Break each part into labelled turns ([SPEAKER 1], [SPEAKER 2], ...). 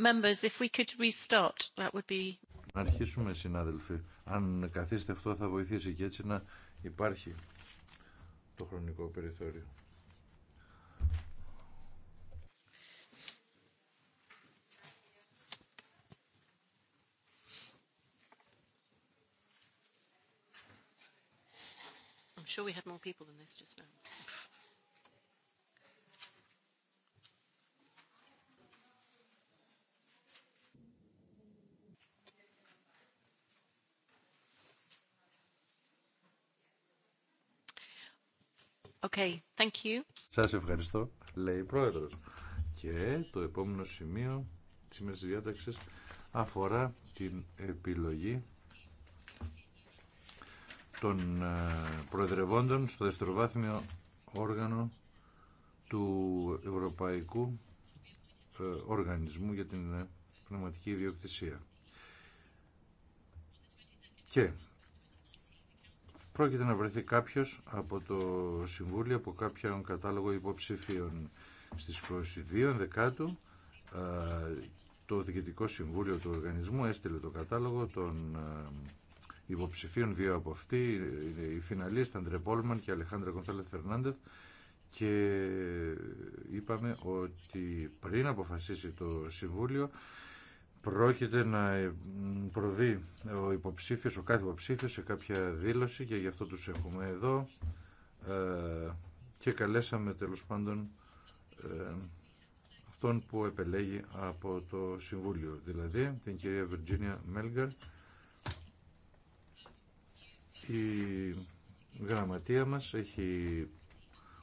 [SPEAKER 1] Members, if we could restart, that would be... Να αρχίσουμε,
[SPEAKER 2] συνάδελφοι. Αν καθίστε αυτό θα βοηθήσει και έτσι να υπάρχει το χρονικό περιθώριο.
[SPEAKER 1] I'm sure we had more people than this just now. Okay, thank you.
[SPEAKER 2] Σας ευχαριστώ, λέει η Πρόεδρος. Και το επόμενο σημείο της σημερινής διάταξης αφορά την επιλογή των ε, προεδρευόντων στο δευτεροβάθμιο όργανο του Ευρωπαϊκού ε, Οργανισμού για την Πνευματική Ιδιοκτησία. Και πρόκειται να βρεθεί κάποιος από το Συμβούλιο, από κάποιον κατάλογο υποψηφίων. Στις 22 Δεκάτου το Διοικητικό Συμβούλιο του Οργανισμού έστειλε το κατάλογο των υποψηφίων. Δύο από αυτοί, οι φιναλίστ Αντρε Πόλμαν και Αλεχάνδρα Κονσάλε Φερνάντεθ και είπαμε ότι πριν αποφασίσει το Συμβούλιο πρόκειται να ε, προβεί ο υποψήφιος, ο κάθε υποψήφιος σε κάποια δήλωση και γι' αυτό τους έχουμε εδώ ε, και καλέσαμε τέλος πάντων ε, αυτόν που επελέγει από το Συμβούλιο, δηλαδή την κυρία Βιρτζίνια Μέλγκαρ, η γραμματεία μας έχει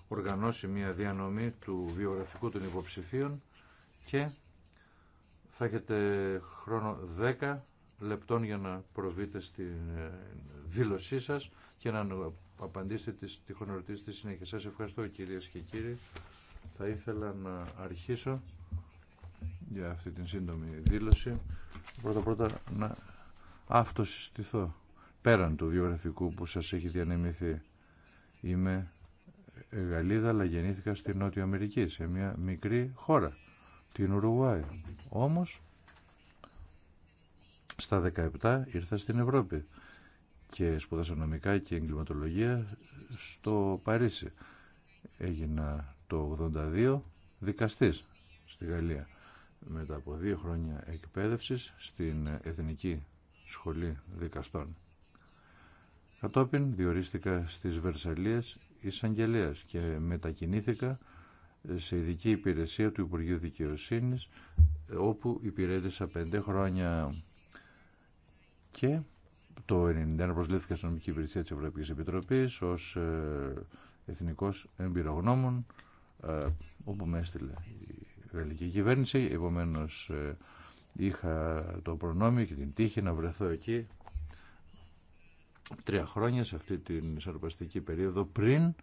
[SPEAKER 2] οργανώσει μια διανομή του βιογραφικού των υποψηφίων και θα έχετε χρόνο 10 λεπτών για να προβείτε στη ε, δήλωσή σας και να απαντήσετε τις τυχόν ερωτήσεις στη συνέχεια. Σας ευχαριστώ κυρίες και κύριοι. Θα ήθελα να αρχίσω για αυτή την σύντομη δήλωση. Πρώτα πρώτα να αυτοσυστηθώ πέραν του βιογραφικού που σας έχει διανεμηθεί. Είμαι Γαλλίδα αλλά γεννήθηκα στη Νότια Αμερική σε μια μικρή χώρα την Ουρουγουάη. Όμως, στα 17 ήρθα στην Ευρώπη και σπούδασα νομικά και εγκληματολογία στο Παρίσι. Έγινα το 82 δικαστής στη Γαλλία. Μετά από δύο χρόνια εκπαίδευσης στην Εθνική Σχολή Δικαστών. Κατόπιν διορίστηκα στις Βερσαλίες εισαγγελέα και μετακινήθηκα σε ειδική υπηρεσία του Υπουργείου Δικαιοσύνης όπου υπηρέτησα πέντε χρόνια και το 1991 προσλήφθηκα στην νομική υπηρεσία της Ευρωπαϊκής Επιτροπής ως ε, εθνικός εμπειρογνώμων ε, όπου με έστειλε η γαλλική κυβέρνηση. Επομένως ε, είχα το προνόμιο και την τύχη να βρεθώ εκεί τρία χρόνια σε αυτή την σαρπαστική περίοδο πριν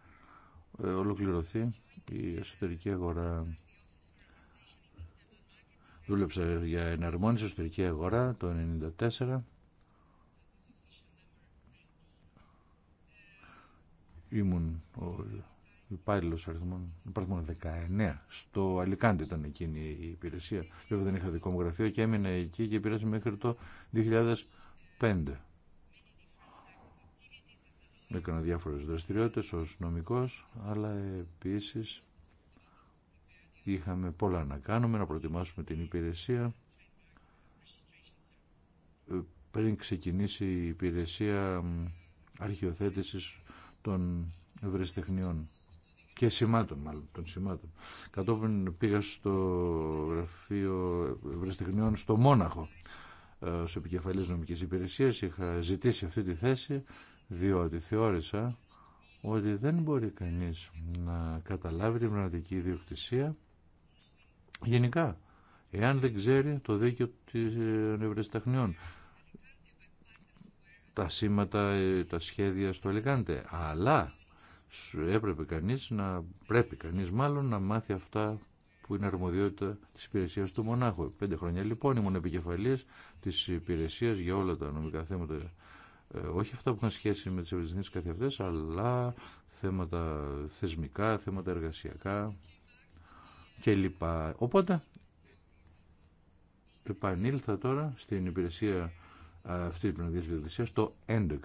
[SPEAKER 2] ε, ολοκληρωθεί η εσωτερική αγορά. Δούλεψα για εναρμόνιση εσωτερική αγορά το 1994. Ήμουν ο υπάλληλο αριθμών 19. Στο Αλικάντι ήταν εκείνη η υπηρεσία. Βέβαια δεν είχα δικό μου γραφείο και έμεινα εκεί και υπηρέσαμε μέχρι το 2005 έκανα διάφορες δραστηριότητες ως νομικός, αλλά επίσης είχαμε πολλά να κάνουμε, να προετοιμάσουμε την υπηρεσία ε, πριν ξεκινήσει η υπηρεσία αρχιοθέτησης των ευρεσιτεχνιών και σημάτων μάλλον, των σημάτων. Κατόπιν πήγα στο γραφείο ευρεσιτεχνιών στο Μόναχο ε, ως επικεφαλής νομικής υπηρεσίας, είχα ζητήσει αυτή τη θέση διότι θεώρησα ότι δεν μπορεί κανείς να καταλάβει την πνευματική ιδιοκτησία γενικά, εάν δεν ξέρει το δίκαιο των ευρεσταχνιών Τα σήματα, τα σχέδια στο Αλικάντε, αλλά έπρεπε κανείς να, πρέπει κανείς μάλλον να μάθει αυτά που είναι αρμοδιότητα της υπηρεσίας του μονάχου. Πέντε χρόνια λοιπόν ήμουν επικεφαλής της υπηρεσίας για όλα τα νομικά θέματα ε, όχι αυτά που έχουν σχέση με τις ευρυζηνίες καθηγητές, αλλά θέματα θεσμικά, θέματα εργασιακά κλπ. Οπότε, επανήλθα τώρα στην υπηρεσία αυτή της πνευματικής διαδικασίας το 11.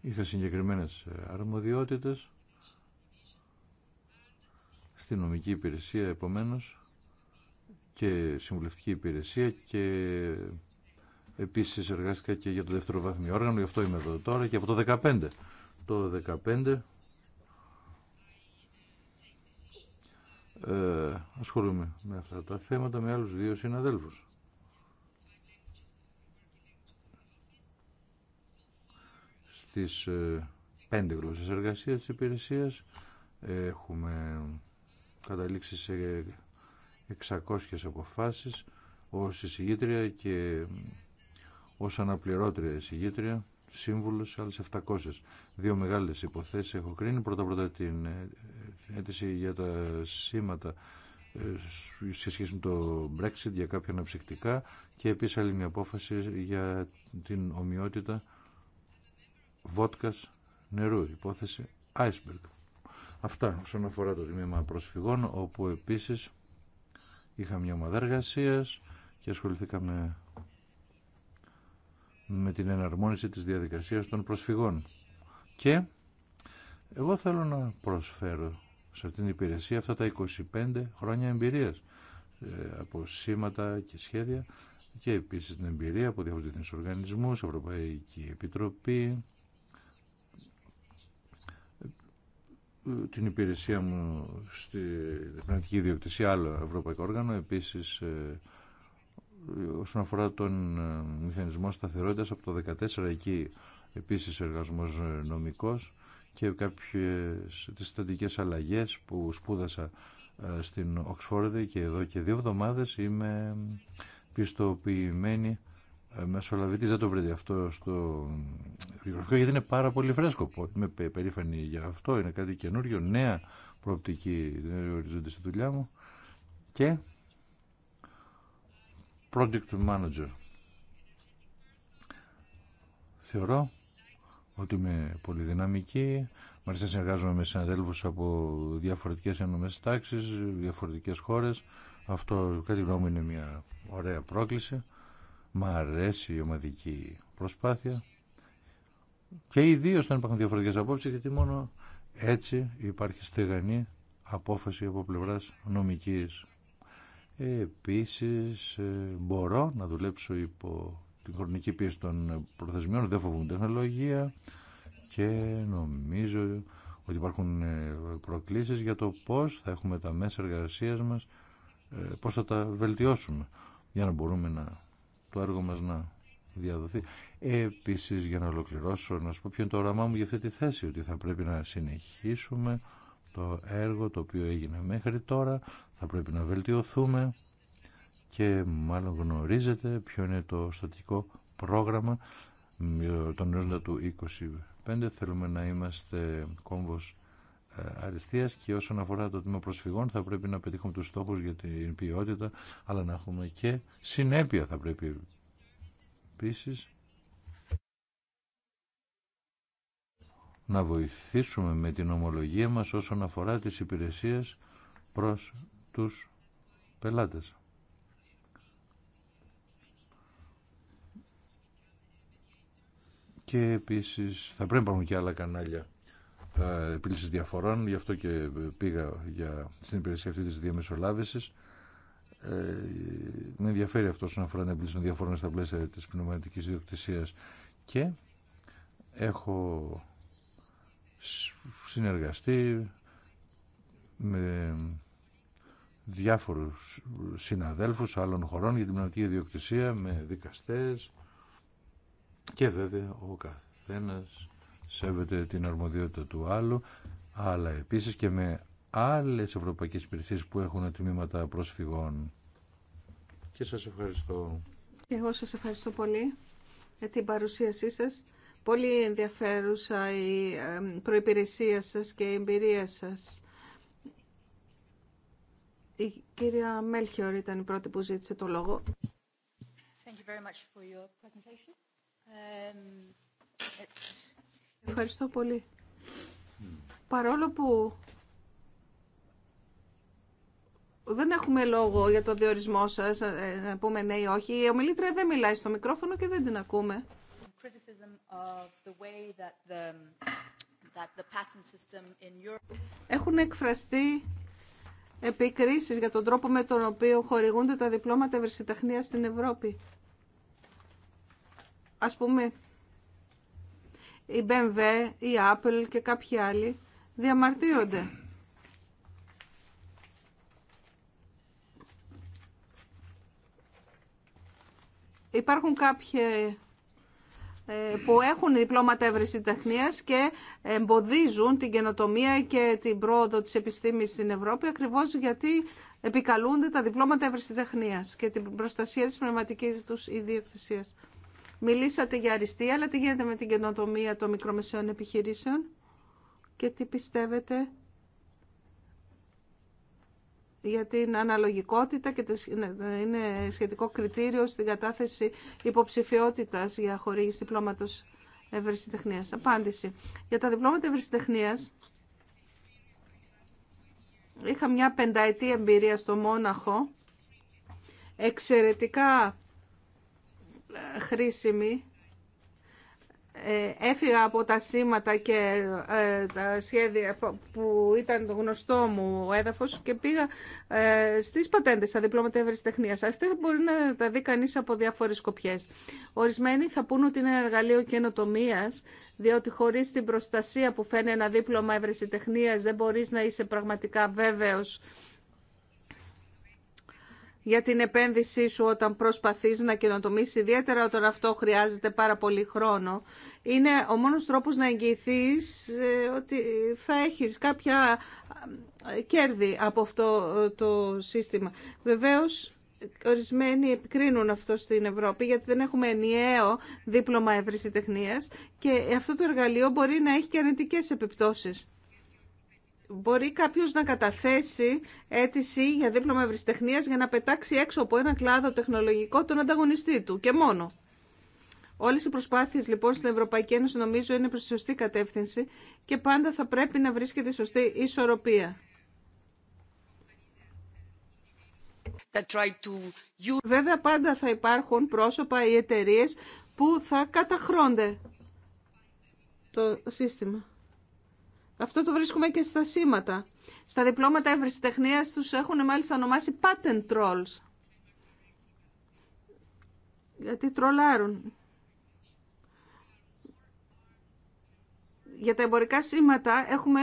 [SPEAKER 2] Είχα συγκεκριμένες ε, αρμοδιότητες στην νομική υπηρεσία επομένως και συμβουλευτική υπηρεσία και Επίσης εργάστηκα και για το δεύτερο βάθμιο όργανο, γι' αυτό είμαι εδώ τώρα και από το 2015. Το 2015 ε, ασχολούμαι με αυτά τα θέματα με άλλους δύο συναδέλφους. Στις ε, πέντε γλώσσες εργασίας της υπηρεσίας έχουμε καταλήξει σε 600 αποφάσεις ως εισηγήτρια και Ω αναπληρώτρια εισηγήτρια, σύμβουλο σε άλλε 700. Δύο μεγάλες υποθέσεις έχω κρίνει. Πρώτα-πρώτα την ε, αίτηση για τα σήματα ε, σε σχέση με το Brexit για κάποια αναψυκτικά και επίσης άλλη μια απόφαση για την ομοιότητα βότκας νερού, υπόθεση iceberg. Αυτά όσον αφορά το τμήμα προσφυγών, όπου επίσης είχα μια ομάδα εργασία και ασχοληθήκαμε με την εναρμόνιση της διαδικασίας των προσφυγών. Και εγώ θέλω να προσφέρω σε αυτήν την υπηρεσία αυτά τα 25 χρόνια εμπειρίας ε, από σήματα και σχέδια και επίσης την εμπειρία από διαφορετικούς οργανισμούς, Ευρωπαϊκή Επιτροπή, ε, την υπηρεσία μου στη πνευματική ιδιοκτησία, άλλο ευρωπαϊκό όργανο, επίσης ε, όσον αφορά τον ε, μηχανισμό σταθερότητας από το 2014 εκεί επίσης εργασμός ε, νομικός και κάποιες τις στατικές αλλαγές που σπούδασα ε, στην Οξφόρδη και εδώ και δύο εβδομάδες είμαι πιστοποιημένη μεσολαβητής. Δεν το βρείτε αυτό στο γραφείο γιατί είναι πάρα πολύ φρέσκο. Είμαι περήφανη για αυτό, είναι κάτι καινούριο, νέα προοπτική, δεν ορίζονται στη δουλειά μου και project manager. Θεωρώ ότι είμαι πολυδυναμική. Μάλιστα συνεργάζομαι με συναδέλφους από διαφορετικές ενωμές τάξεις, διαφορετικές χώρες. Αυτό κάτι γνώμη είναι μια ωραία πρόκληση. Μ' αρέσει η ομαδική προσπάθεια. Και ιδίω όταν υπάρχουν διαφορετικές απόψει γιατί μόνο έτσι υπάρχει στεγανή απόφαση από πλευρά νομικής. Επίσης ε, μπορώ να δουλέψω υπό την χρονική πίεση των προθεσμιών, δεν φοβούν τεχνολογία και νομίζω ότι υπάρχουν ε, προκλήσεις για το πώς θα έχουμε τα μέσα εργασίας μας, ε, πώς θα τα βελτιώσουμε για να μπορούμε να, το έργο μας να διαδοθεί. Επίσης για να ολοκληρώσω να σου πω ποιο είναι το όραμά μου για αυτή τη θέση, ότι θα πρέπει να συνεχίσουμε το έργο το οποίο έγινε μέχρι τώρα. Θα πρέπει να βελτιωθούμε και μάλλον γνωρίζετε ποιο είναι το στατικό πρόγραμμα ε, τον έρωτα του 25. Θέλουμε να είμαστε κόμβος ε, αριστείας και όσον αφορά το τμήμα προσφυγών θα πρέπει να πετύχουμε τους στόχους για την ποιότητα αλλά να έχουμε και συνέπεια θα πρέπει επίση να βοηθήσουμε με την ομολογία μας όσον αφορά τις υπηρεσίες προς τους πελάτες. Και επίσης θα πρέπει να υπάρχουν και άλλα κανάλια ε, επίλυσης διαφορών, γι' αυτό και πήγα για, στην υπηρεσία αυτή της διαμεσολάβησης. Ε, με ενδιαφέρει αυτό όσον αφορά την επίλυση των διαφορών στα πλαίσια της πνευματικής ιδιοκτησίας και έχω συνεργαστεί με διάφορους συναδέλφους άλλων χωρών για την πνευματική ιδιοκτησία με δικαστές και βέβαια ο καθένας σέβεται την αρμοδιότητα του άλλου αλλά επίσης και με άλλες ευρωπαϊκές υπηρεσίες που έχουν τμήματα προσφυγών και σας ευχαριστώ.
[SPEAKER 3] Και εγώ σας ευχαριστώ πολύ για την παρουσίασή σας. Πολύ ενδιαφέρουσα η προϋπηρεσία σας και η εμπειρία σας. Η κυρία Μέλχιορ ήταν η πρώτη που ζήτησε το λόγο. Um, Ευχαριστώ πολύ. Παρόλο που δεν έχουμε λόγο για το διορισμό σας, ε, να πούμε ναι ή όχι, η ομιλήτρια δεν μιλάει στο μικρόφωνο και δεν την ακούμε. Έχουν εκφραστεί επικρίσεις για τον τρόπο με τον οποίο χορηγούνται τα διπλώματα ευρεσιτεχνίας στην Ευρώπη. Ας πούμε, η BMW, η Apple και κάποιοι άλλοι διαμαρτύρονται. Υπάρχουν κάποιοι ε, που έχουν διπλώματα ευρεσιτεχνίας και εμποδίζουν την καινοτομία και την πρόοδο της επιστήμης στην Ευρώπη ακριβώς γιατί επικαλούνται τα διπλώματα ευρεσιτεχνίας και την προστασία της πνευματικής τους ιδιοκτησίας. Μιλήσατε για αριστεία, αλλά τι γίνεται με την καινοτομία των μικρομεσαίων επιχειρήσεων και τι πιστεύετε για την αναλογικότητα και ναι, ναι, είναι σχετικό κριτήριο στην κατάθεση υποψηφιότητας για χορήγηση διπλώματος ευρεσιτεχνίας. Απάντηση. Για τα διπλώματα ευρεσιτεχνίας είχα μια πενταετή εμπειρία στο Μόναχο, εξαιρετικά ε, χρήσιμη ε, έφυγα από τα σήματα και ε, τα σχέδια που ήταν το γνωστό μου έδαφος και πήγα ε, στις πατέντες, στα διπλώματα ευρεσιτεχνίας. Αυτές μπορεί να τα δει κανείς από διάφορες σκοπιές. Ορισμένοι θα πούν ότι είναι εργαλείο καινοτομία, διότι χωρίς την προστασία που φέρνει ένα δίπλωμα ευρεσιτεχνίας δεν μπορείς να είσαι πραγματικά βέβαιος για την επένδυσή σου όταν προσπαθείς να καινοτομήσεις, ιδιαίτερα όταν αυτό χρειάζεται πάρα πολύ χρόνο. Είναι ο μόνος τρόπος να εγγυηθείς ε, ότι θα έχεις κάποια ε, κέρδη από αυτό ε, το σύστημα. Βεβαίως, ορισμένοι επικρίνουν αυτό στην Ευρώπη γιατί δεν έχουμε ενιαίο δίπλωμα τεχνίας και αυτό το εργαλείο μπορεί να έχει και αρνητικές επιπτώσεις μπορεί κάποιος να καταθέσει αίτηση για δίπλωμα ευρυστεχνίας για να πετάξει έξω από ένα κλάδο τεχνολογικό τον ανταγωνιστή του και μόνο. Όλες οι προσπάθειες λοιπόν στην Ευρωπαϊκή Ένωση νομίζω είναι προς τη σωστή κατεύθυνση και πάντα θα πρέπει να βρίσκεται σωστή ισορροπία. Βέβαια πάντα θα υπάρχουν πρόσωπα ή εταιρείε που θα καταχρώνται το σύστημα. Αυτό το βρίσκουμε και στα σήματα. Στα διπλώματα ευρεσιτεχνίας τους έχουν μάλιστα ονομάσει patent trolls. Γιατί τρολάρουν. Για τα εμπορικά σήματα έχουμε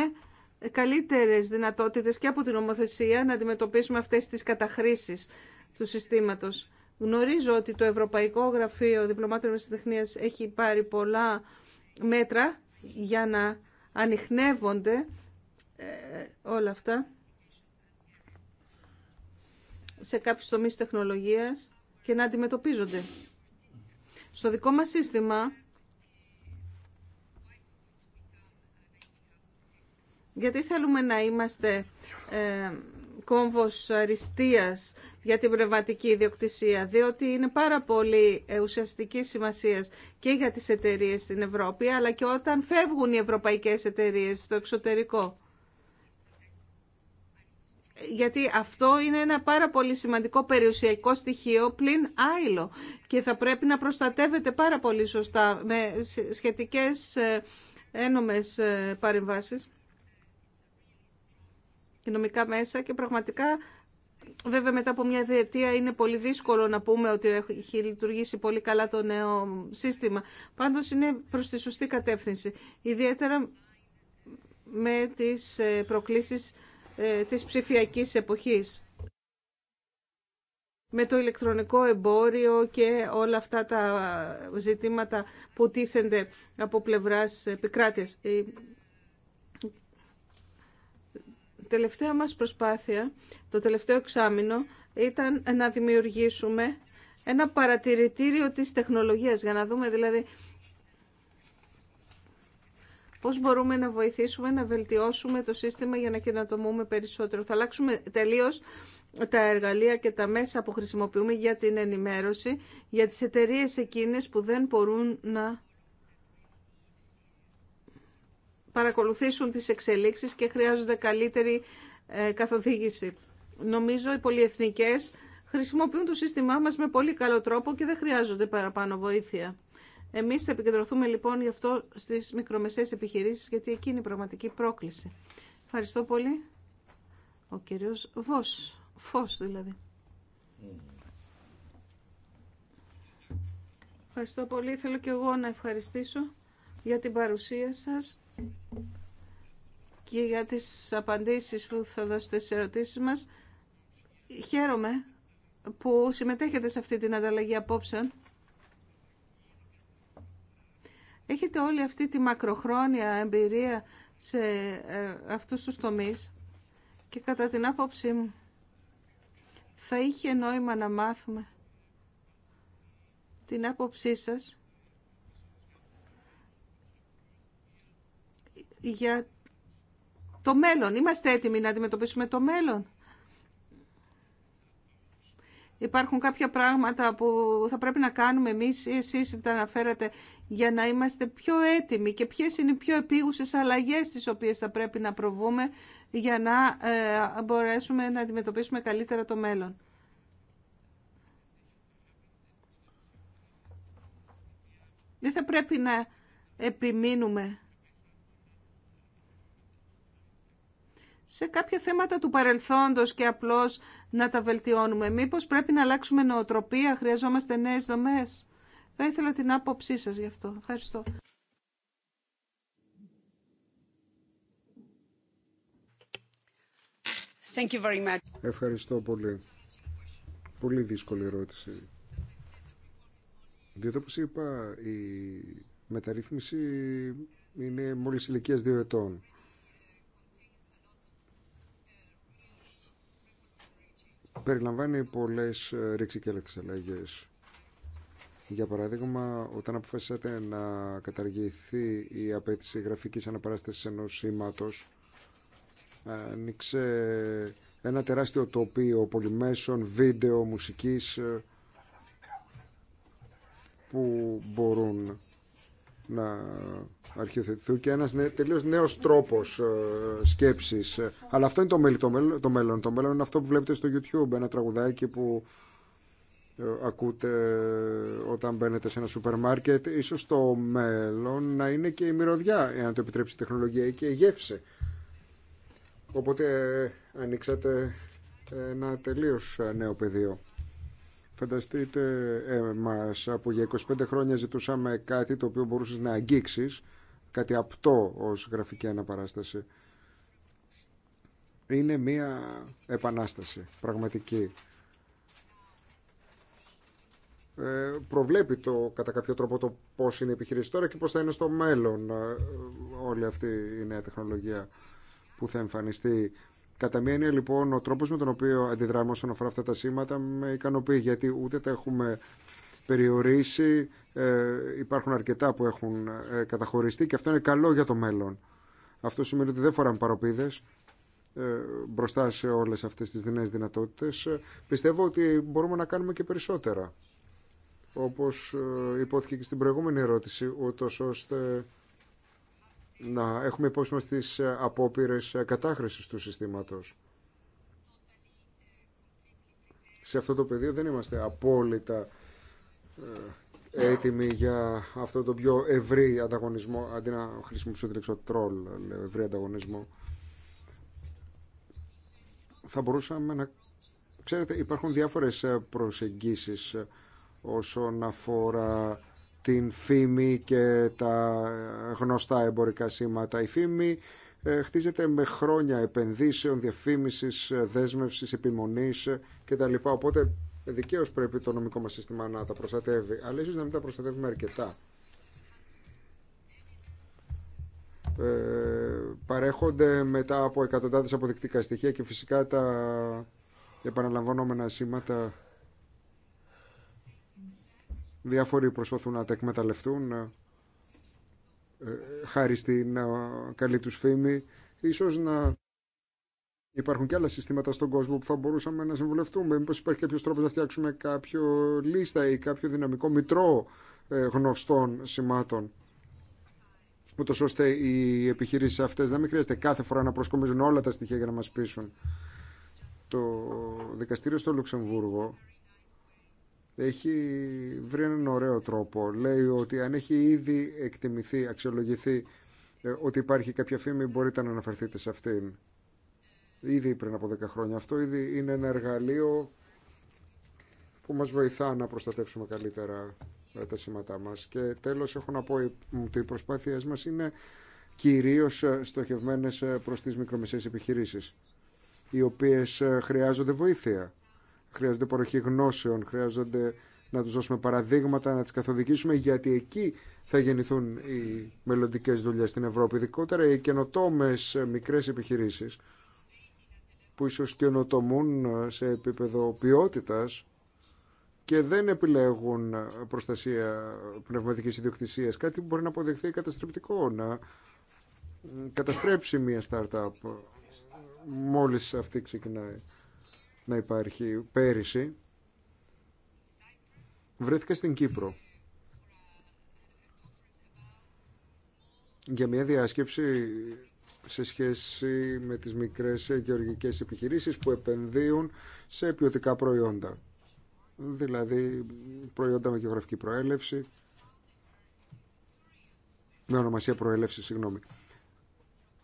[SPEAKER 3] καλύτερες δυνατότητες και από την νομοθεσία να αντιμετωπίσουμε αυτές τις καταχρήσεις του συστήματος. Γνωρίζω ότι το Ευρωπαϊκό Γραφείο Διπλωμάτων Ευρεσιτεχνίας έχει πάρει πολλά μέτρα για να ανοιχνεύονται ε, όλα αυτά σε κάποιους τομείς τεχνολογίας και να αντιμετωπίζονται. Στο δικό μας σύστημα, γιατί θέλουμε να είμαστε ε, κόμβος αριστείας για την πνευματική ιδιοκτησία, διότι είναι πάρα πολύ ε, ουσιαστική σημασία και για τις εταιρείες στην Ευρώπη, αλλά και όταν φεύγουν οι ευρωπαϊκές εταιρείες στο εξωτερικό. Γιατί αυτό είναι ένα πάρα πολύ σημαντικό περιουσιακό στοιχείο πλην άειλο και θα πρέπει να προστατεύεται πάρα πολύ σωστά με σχετικές ε, ένομες ε, παρεμβάσεις και μέσα και πραγματικά Βέβαια μετά από μια διετία είναι πολύ δύσκολο να πούμε ότι έχει λειτουργήσει πολύ καλά το νέο σύστημα. Πάντως είναι προς τη σωστή κατεύθυνση. Ιδιαίτερα με τις ε, προκλήσεις ε, της ψηφιακής εποχής. Με το ηλεκτρονικό εμπόριο και όλα αυτά τα ζητήματα που τίθενται από πλευράς επικράτειας τελευταία μας προσπάθεια, το τελευταίο εξάμεινο, ήταν να δημιουργήσουμε ένα παρατηρητήριο της τεχνολογίας, για να δούμε δηλαδή πώς μπορούμε να βοηθήσουμε να βελτιώσουμε το σύστημα για να καινοτομούμε περισσότερο. Θα αλλάξουμε τελείως τα εργαλεία και τα μέσα που χρησιμοποιούμε για την ενημέρωση, για τις εταιρείες εκείνες που δεν μπορούν να παρακολουθήσουν τις εξελίξεις και χρειάζονται καλύτερη ε, καθοδήγηση. Νομίζω οι πολυεθνικές χρησιμοποιούν το σύστημά μας με πολύ καλό τρόπο και δεν χρειάζονται παραπάνω βοήθεια. Εμείς θα επικεντρωθούμε λοιπόν γι' αυτό στις μικρομεσαίες επιχειρήσεις γιατί εκεί είναι η πραγματική πρόκληση. Ευχαριστώ πολύ. Ο κύριος Βος, Φως δηλαδή. Ευχαριστώ πολύ. Θέλω και εγώ να ευχαριστήσω για την παρουσία σας και για τις απαντήσεις που θα δώσετε στις ερωτήσεις μας. Χαίρομαι που συμμετέχετε σε αυτή την ανταλλαγή απόψεων. Έχετε όλη αυτή τη μακροχρόνια εμπειρία σε ε, αυτούς τους τομείς και κατά την άποψή μου θα είχε νόημα να μάθουμε την άποψή σας για το μέλλον. Είμαστε έτοιμοι να αντιμετωπίσουμε το μέλλον. Υπάρχουν κάποια πράγματα που θα πρέπει να κάνουμε εμείς ή εσείς που τα αναφέρατε για να είμαστε πιο έτοιμοι και ποιες είναι οι πιο επίγουσες αλλαγές τις οποίες θα πρέπει να προβούμε για να ε, μπορέσουμε να αντιμετωπίσουμε καλύτερα το μέλλον. Δεν θα πρέπει να επιμείνουμε σε κάποια θέματα του παρελθόντος και απλώς να τα βελτιώνουμε. Μήπως πρέπει να αλλάξουμε νοοτροπία, χρειαζόμαστε νέες δομές. Θα ήθελα την άποψή σας γι' αυτό. Ευχαριστώ. Thank you very much.
[SPEAKER 4] Ευχαριστώ πολύ. Πολύ δύσκολη ερώτηση. Διότι όπως είπα, η μεταρρύθμιση είναι μόλις ηλικίας δύο ετών. περιλαμβάνει πολλές ε, ρηξικέλευτες αλλαγές. Για παράδειγμα, όταν αποφασίσατε να καταργηθεί η απέτηση γραφικής αναπαράστασης ενός σήματο, άνοιξε ένα τεράστιο τοπίο πολυμέσων, βίντεο, μουσικής ε, που μπορούν να αρχιοθετηθούν και ένας τελείως νέος τρόπος ε, σκέψης. Αλλά αυτό είναι το μέλλον. Το μέλλον, το μέλλον είναι αυτό που βλέπετε στο YouTube, ένα τραγουδάκι που ε, ακούτε όταν μπαίνετε σε ένα σούπερ μάρκετ. Ίσως το μέλλον να είναι και η μυρωδιά, εάν το επιτρέψει η τεχνολογία, και η γεύση. Οπότε ε, ανοίξατε ένα τελείως νέο πεδίο. Φανταστείτε εμάς που για 25 χρόνια ζητούσαμε κάτι το οποίο μπορούσες να αγγίξεις, κάτι απτό ως γραφική αναπαράσταση. Είναι μία επανάσταση πραγματική. Ε, προβλέπει το κατά κάποιο τρόπο το πώς είναι η επιχειρήση τώρα και πώς θα είναι στο μέλλον ε, όλη αυτή η νέα τεχνολογία που θα εμφανιστεί Κατά μία είναι λοιπόν ο τρόπος με τον οποίο αντιδράμε όσον αφορά αυτά τα σήματα με ικανοποιεί γιατί ούτε τα έχουμε περιορίσει, ε, υπάρχουν αρκετά που έχουν ε, καταχωριστεί και αυτό είναι καλό για το μέλλον. Αυτό σημαίνει ότι δεν φοράμε παροπίδε ε, μπροστά σε όλες αυτές τις νέες δυνατότητες. Πιστεύω ότι μπορούμε να κάνουμε και περισσότερα. Όπως υπόθηκε και στην προηγούμενη ερώτηση, ούτω ώστε να έχουμε υπόψη μας τις ε, απόπειρες ε, κατάχρησης του συστήματος. Σε αυτό το πεδίο δεν είμαστε απόλυτα ε, έτοιμοι για αυτό το πιο ευρύ ανταγωνισμό, αντί να χρησιμοποιήσω τη λέξη τρόλ, ευρύ ανταγωνισμό. Θα μπορούσαμε να... Ξέρετε, υπάρχουν διάφορες προσεγγίσεις όσον αφορά την φήμη και τα γνωστά εμπορικά σήματα. Η φήμη ε, χτίζεται με χρόνια επενδύσεων, διαφήμισης, ε, δέσμευσης, επιμονής ε, κτλ. Οπότε δικαίως πρέπει το νομικό μας σύστημα να τα προστατεύει, αλλά ίσως να μην τα προστατεύουμε αρκετά. παρέχονται μετά από εκατοντάδες αποδεικτικά στοιχεία και φυσικά τα επαναλαμβανόμενα σήματα Διάφοροι προσπαθούν να τα εκμεταλλευτούν ε, χάρη στην ε, καλή τους φήμη. Ίσως να υπάρχουν και άλλα συστήματα στον κόσμο που θα μπορούσαμε να συμβουλευτούμε. Μήπως υπάρχει κάποιο τρόπος να φτιάξουμε κάποιο λίστα ή κάποιο δυναμικό μητρό ε, γνωστών σημάτων ούτως ώστε οι επιχειρήσεις αυτές να μην χρειάζεται κάθε φορά να προσκομίζουν όλα τα στοιχεία για να μας πείσουν. Το δικαστήριο στο Λουξεμβούργο έχει βρει έναν ωραίο τρόπο. Λέει ότι αν έχει ήδη εκτιμηθεί, αξιολογηθεί ε, ότι υπάρχει κάποια φήμη, μπορείτε να αναφερθείτε σε αυτήν. Ήδη πριν από 10 χρόνια. Αυτό ήδη είναι ένα εργαλείο που μας βοηθά να προστατεύσουμε καλύτερα τα σήματά μας. Και τέλος έχω να πω ε, ότι οι προσπάθειές μας είναι κυρίως ε, στοχευμένες προς τις μικρομεσαίες επιχειρήσεις, οι οποίες χρειάζονται βοήθεια Χρειάζονται παροχή γνώσεων, χρειάζονται να τους δώσουμε παραδείγματα, να τις καθοδηγήσουμε, γιατί εκεί θα γεννηθούν οι μελλοντικές δουλειές στην Ευρώπη, ειδικότερα οι καινοτόμε ε, μικρές επιχειρήσεις, που ίσως καινοτομούν ε, σε επίπεδο ποιότητας και δεν επιλέγουν ε, προστασία πνευματικής ιδιοκτησίας, κάτι που μπορεί να αποδειχθεί καταστρεπτικό, να καταστρέψει μια startup μόλις αυτή ξεκινάει να υπάρχει πέρυσι βρέθηκα στην Κύπρο για μια διάσκεψη σε σχέση με τις μικρές γεωργικές επιχειρήσεις που επενδύουν σε ποιοτικά προϊόντα. Δηλαδή προϊόντα με γεωγραφική προέλευση, με ονομασία προέλευση, συγγνώμη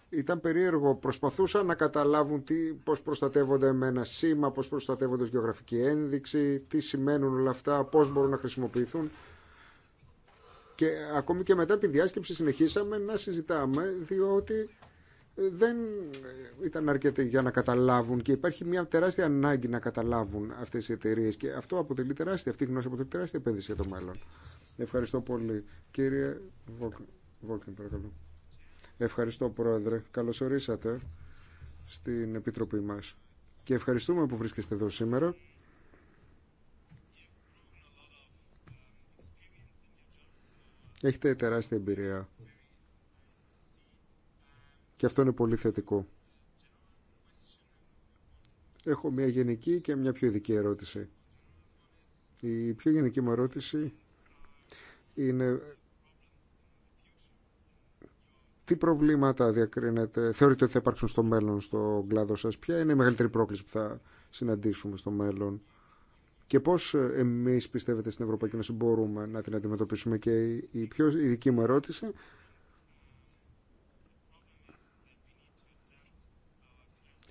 [SPEAKER 4] ήταν περίεργο. Προσπαθούσαν να καταλάβουν τι, πώς προστατεύονται με ένα σήμα, πώς προστατεύονται ως γεωγραφική ένδειξη, τι σημαίνουν όλα αυτά, πώς μπορούν να χρησιμοποιηθούν. Και ακόμη και μετά τη διάσκεψη συνεχίσαμε να συζητάμε, διότι δεν ήταν αρκετοί για να καταλάβουν και υπάρχει μια τεράστια ανάγκη να καταλάβουν αυτές οι εταιρείε και αυτό αποτελεί τεράστια, αυτή η γνώση αποτελεί τεράστια επένδυση για το μέλλον. Ευχαριστώ πολύ. Κύριε Βόλκεν παρακαλώ. Ευχαριστώ Πρόεδρε. Καλώς ορίσατε στην Επιτροπή μας. Και ευχαριστούμε που βρίσκεστε εδώ σήμερα. Έχετε τεράστια εμπειρία. Και αυτό είναι πολύ θετικό. Έχω μια γενική και μια πιο ειδική ερώτηση. Η πιο γενική μου ερώτηση είναι τι προβλήματα διακρίνετε, θεωρείτε ότι θα υπάρξουν στο μέλλον στον κλάδο σας, ποια είναι η μεγαλύτερη πρόκληση που θα συναντήσουμε στο μέλλον και πώς ε, εμείς πιστεύετε στην Ευρωπαϊκή Ένωση μπορούμε να την αντιμετωπίσουμε και η πιο η δική μου ερώτηση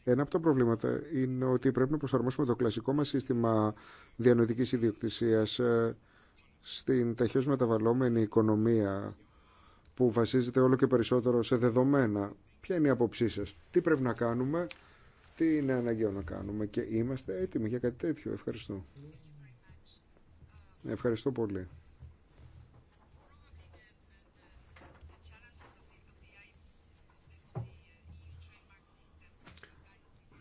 [SPEAKER 4] Ένα από τα προβλήματα είναι ότι πρέπει να προσαρμόσουμε το κλασικό μας σύστημα διανοητικής ιδιοκτησίας ε, στην ταχύως μεταβαλλόμενη οικονομία που βασίζεται όλο και περισσότερο σε δεδομένα. Ποια είναι η αποψή σα, τι πρέπει να κάνουμε, τι είναι αναγκαίο να κάνουμε και είμαστε έτοιμοι για κάτι τέτοιο. Ευχαριστώ. Ευχαριστώ πολύ.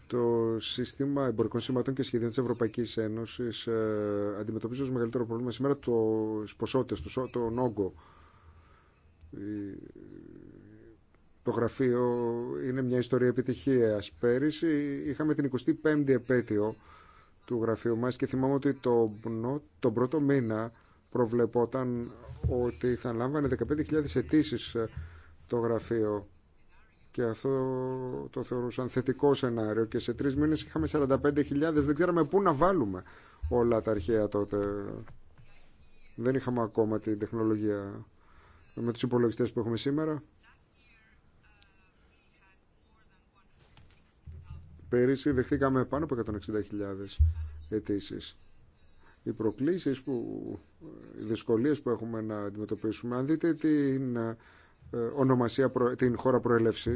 [SPEAKER 4] Το σύστημα εμπορικών σημάτων και σχεδίων της Ευρωπαϊκής Ένωσης ε, αντιμετωπίζει ως μεγαλύτερο πρόβλημα σήμερα τις ποσότητες, τον όγκο το γραφείο είναι μια ιστορία επιτυχίας. Πέρυσι είχαμε την 25η επέτειο του γραφείου μας και θυμάμαι ότι το, τον πρώτο μήνα προβλεπόταν ότι θα λάμβανε 15.000 αιτήσει ε, το γραφείο και αυτό το θεωρούσαν θετικό σενάριο και σε τρεις μήνες είχαμε 45.000 δεν ξέραμε πού να βάλουμε όλα τα αρχαία τότε δεν είχαμε ακόμα την τεχνολογία με τους υπολογιστέ που έχουμε σήμερα. Πέρυσι δεχθήκαμε πάνω από 160.000 αιτήσει. Οι προκλήσεις, που, οι δυσκολίες που έχουμε να αντιμετωπίσουμε, αν δείτε την ε, ονομασία, την χώρα προέλευση.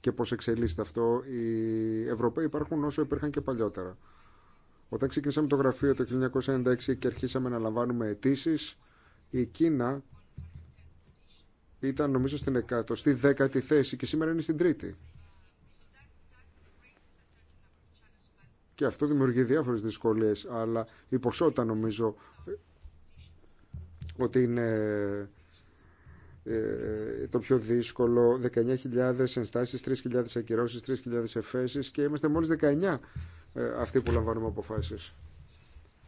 [SPEAKER 4] και πώ εξελίσσεται αυτό, οι Ευρωπαίοι υπάρχουν όσο υπήρχαν και παλιότερα. Όταν ξεκινήσαμε το γραφείο το 1996 και αρχίσαμε να λαμβάνουμε αιτήσει, η Κίνα ήταν νομίζω στην εκατοστή δέκατη θέση και σήμερα είναι στην τρίτη. Και αυτό δημιουργεί διάφορες δυσκολίες, αλλά η ποσότητα νομίζω ε, ότι είναι ε, ε, το πιο δύσκολο. 19.000 ενστάσεις, 3.000 ακυρώσεις, 3.000 εφέσεις και είμαστε μόλις 19 ε, αυτοί που λαμβάνουμε αποφάσεις.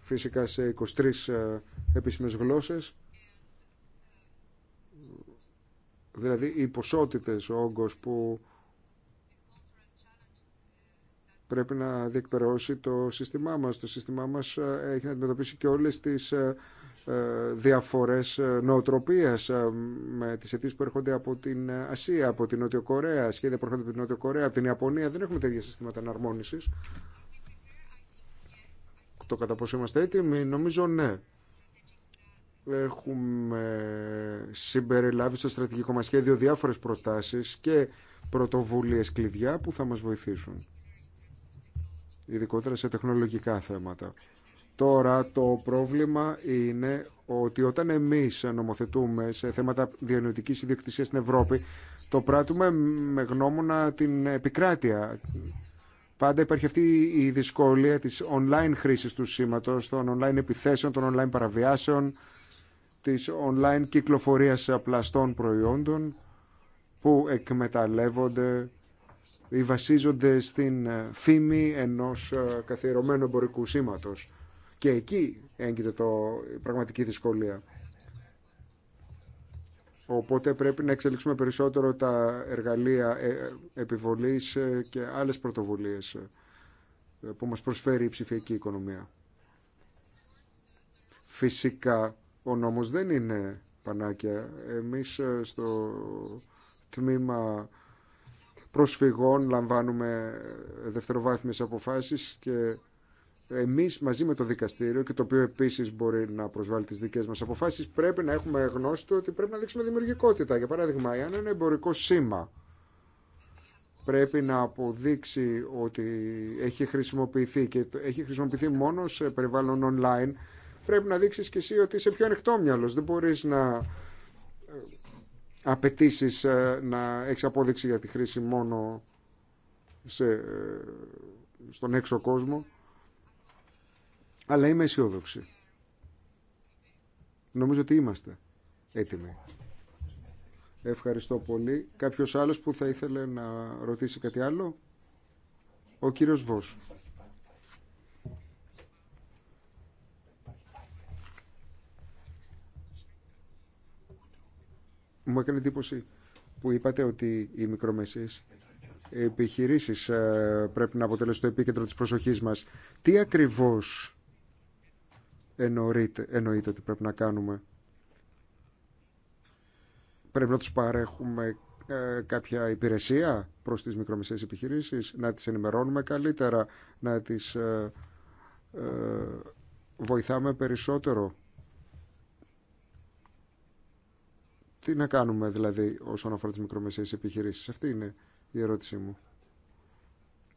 [SPEAKER 4] Φυσικά σε 23 επίσημες γλώσσες. Δηλαδή οι ποσότητες, ο όγκος που πρέπει να διεκπαιρεώσει το σύστημά μας. Το σύστημά μας ε, έχει να αντιμετωπίσει και όλες τις ε, ε, διαφορές νοοτροπίας με τις αιτήσεις που έρχονται από την Ασία, από την Νότιο Κορέα, σχέδια που έρχονται από την Νότια Κορέα, από την Ιαπωνία. Δεν έχουμε τέτοια συστήματα εναρμόνισης. Το κατά πόσο είμαστε έτοιμοι, νομίζω ναι. Έχουμε συμπεριλάβει στο στρατηγικό μας σχέδιο διάφορες προτάσεις και πρωτοβουλίες κλειδιά που θα μας βοηθήσουν ειδικότερα σε τεχνολογικά θέματα. Τώρα το πρόβλημα είναι ότι όταν εμείς νομοθετούμε σε θέματα διανοητικής ιδιοκτησίας στην Ευρώπη, το πράττουμε με γνώμονα την επικράτεια. Πάντα υπάρχει αυτή η δυσκολία της online χρήσης του σήματος, των online επιθέσεων, των online παραβιάσεων, της online κυκλοφορίας απλαστών προϊόντων που εκμεταλλεύονται βασίζονται στην ε, φήμη ενός ε, καθιερωμένου εμπορικού σήματος. Και εκεί έγκυται το η πραγματική δυσκολία. Οπότε πρέπει να εξελίξουμε περισσότερο τα εργαλεία ε, επιβολής και άλλες πρωτοβουλίες που μας προσφέρει η ψηφιακή οικονομία. Φυσικά, ο νόμος δεν είναι πανάκια. Εμείς στο τμήμα προσφυγών λαμβάνουμε δευτεροβάθμιες αποφάσεις και εμείς μαζί με το δικαστήριο και το οποίο επίσης μπορεί να προσβάλλει τις δικές μας αποφάσεις πρέπει να έχουμε γνώση του ότι πρέπει να δείξουμε δημιουργικότητα. Για παράδειγμα, αν ένα εμπορικό σήμα πρέπει να αποδείξει ότι έχει χρησιμοποιηθεί και έχει χρησιμοποιηθεί μόνο σε περιβάλλον online πρέπει να δείξεις και εσύ ότι είσαι πιο ανοιχτό Δεν μπορείς να απαιτήσει ε, να έχει απόδειξη για τη χρήση μόνο σε, ε, στον έξω κόσμο. Αλλά είμαι αισιόδοξη. Νομίζω ότι είμαστε έτοιμοι. Ευχαριστώ πολύ. Κάποιος άλλος που θα ήθελε να ρωτήσει κάτι άλλο. Ο κύριος Βόσου. Μου έκανε εντύπωση που είπατε ότι οι μικρομεσαίες επιχειρήσεις ε, πρέπει να αποτελέσουν το επίκεντρο της προσοχής μας. Τι ακριβώς εννοείτε, ότι πρέπει να κάνουμε. Πρέπει να τους παρέχουμε ε, κάποια υπηρεσία προς τις μικρομεσαίες επιχειρήσεις, να τις ενημερώνουμε καλύτερα, να τις ε, βοηθάμε περισσότερο Τι να κάνουμε δηλαδή όσον αφορά τις μικρομεσαίες επιχειρήσεις. Αυτή είναι η ερώτησή μου.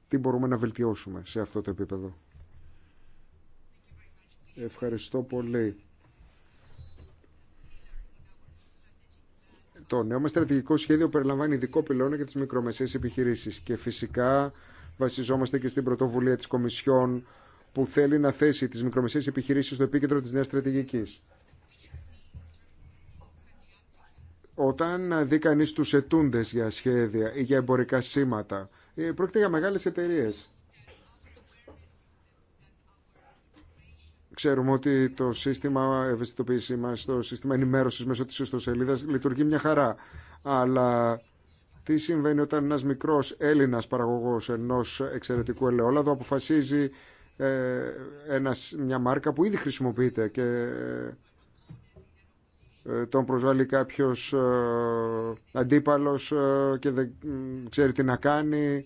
[SPEAKER 4] Τι μπορούμε να βελτιώσουμε σε αυτό το επίπεδο. Ευχαριστώ πολύ. Το νέο μας στρατηγικό σχέδιο περιλαμβάνει ειδικό πυλώνα για τις μικρομεσαίες επιχειρήσεις και φυσικά βασιζόμαστε και στην πρωτοβουλία της Κομισιόν που θέλει να θέσει τις μικρομεσαίες επιχειρήσεις στο επίκεντρο της νέας στρατηγικής. Όταν δει κανεί του ετούντε για σχέδια ή για εμπορικά σήματα, ε, πρόκειται για μεγάλε εταιρείε. Ξέρουμε ότι το σύστημα ευαισθητοποίησή μα, το σύστημα ενημέρωση μέσω τη ιστοσελίδα, λειτουργεί μια χαρά. Αλλά τι συμβαίνει όταν ένα μικρός Έλληνας παραγωγός ενός εξαιρετικού ελαιόλαδου αποφασίζει ε, μια μάρκα που ήδη χρησιμοποιείται και ε, ε, τον προσβάλλει κάποιος ε, αντίπαλος ε, και δεν ξέρει τι να κάνει,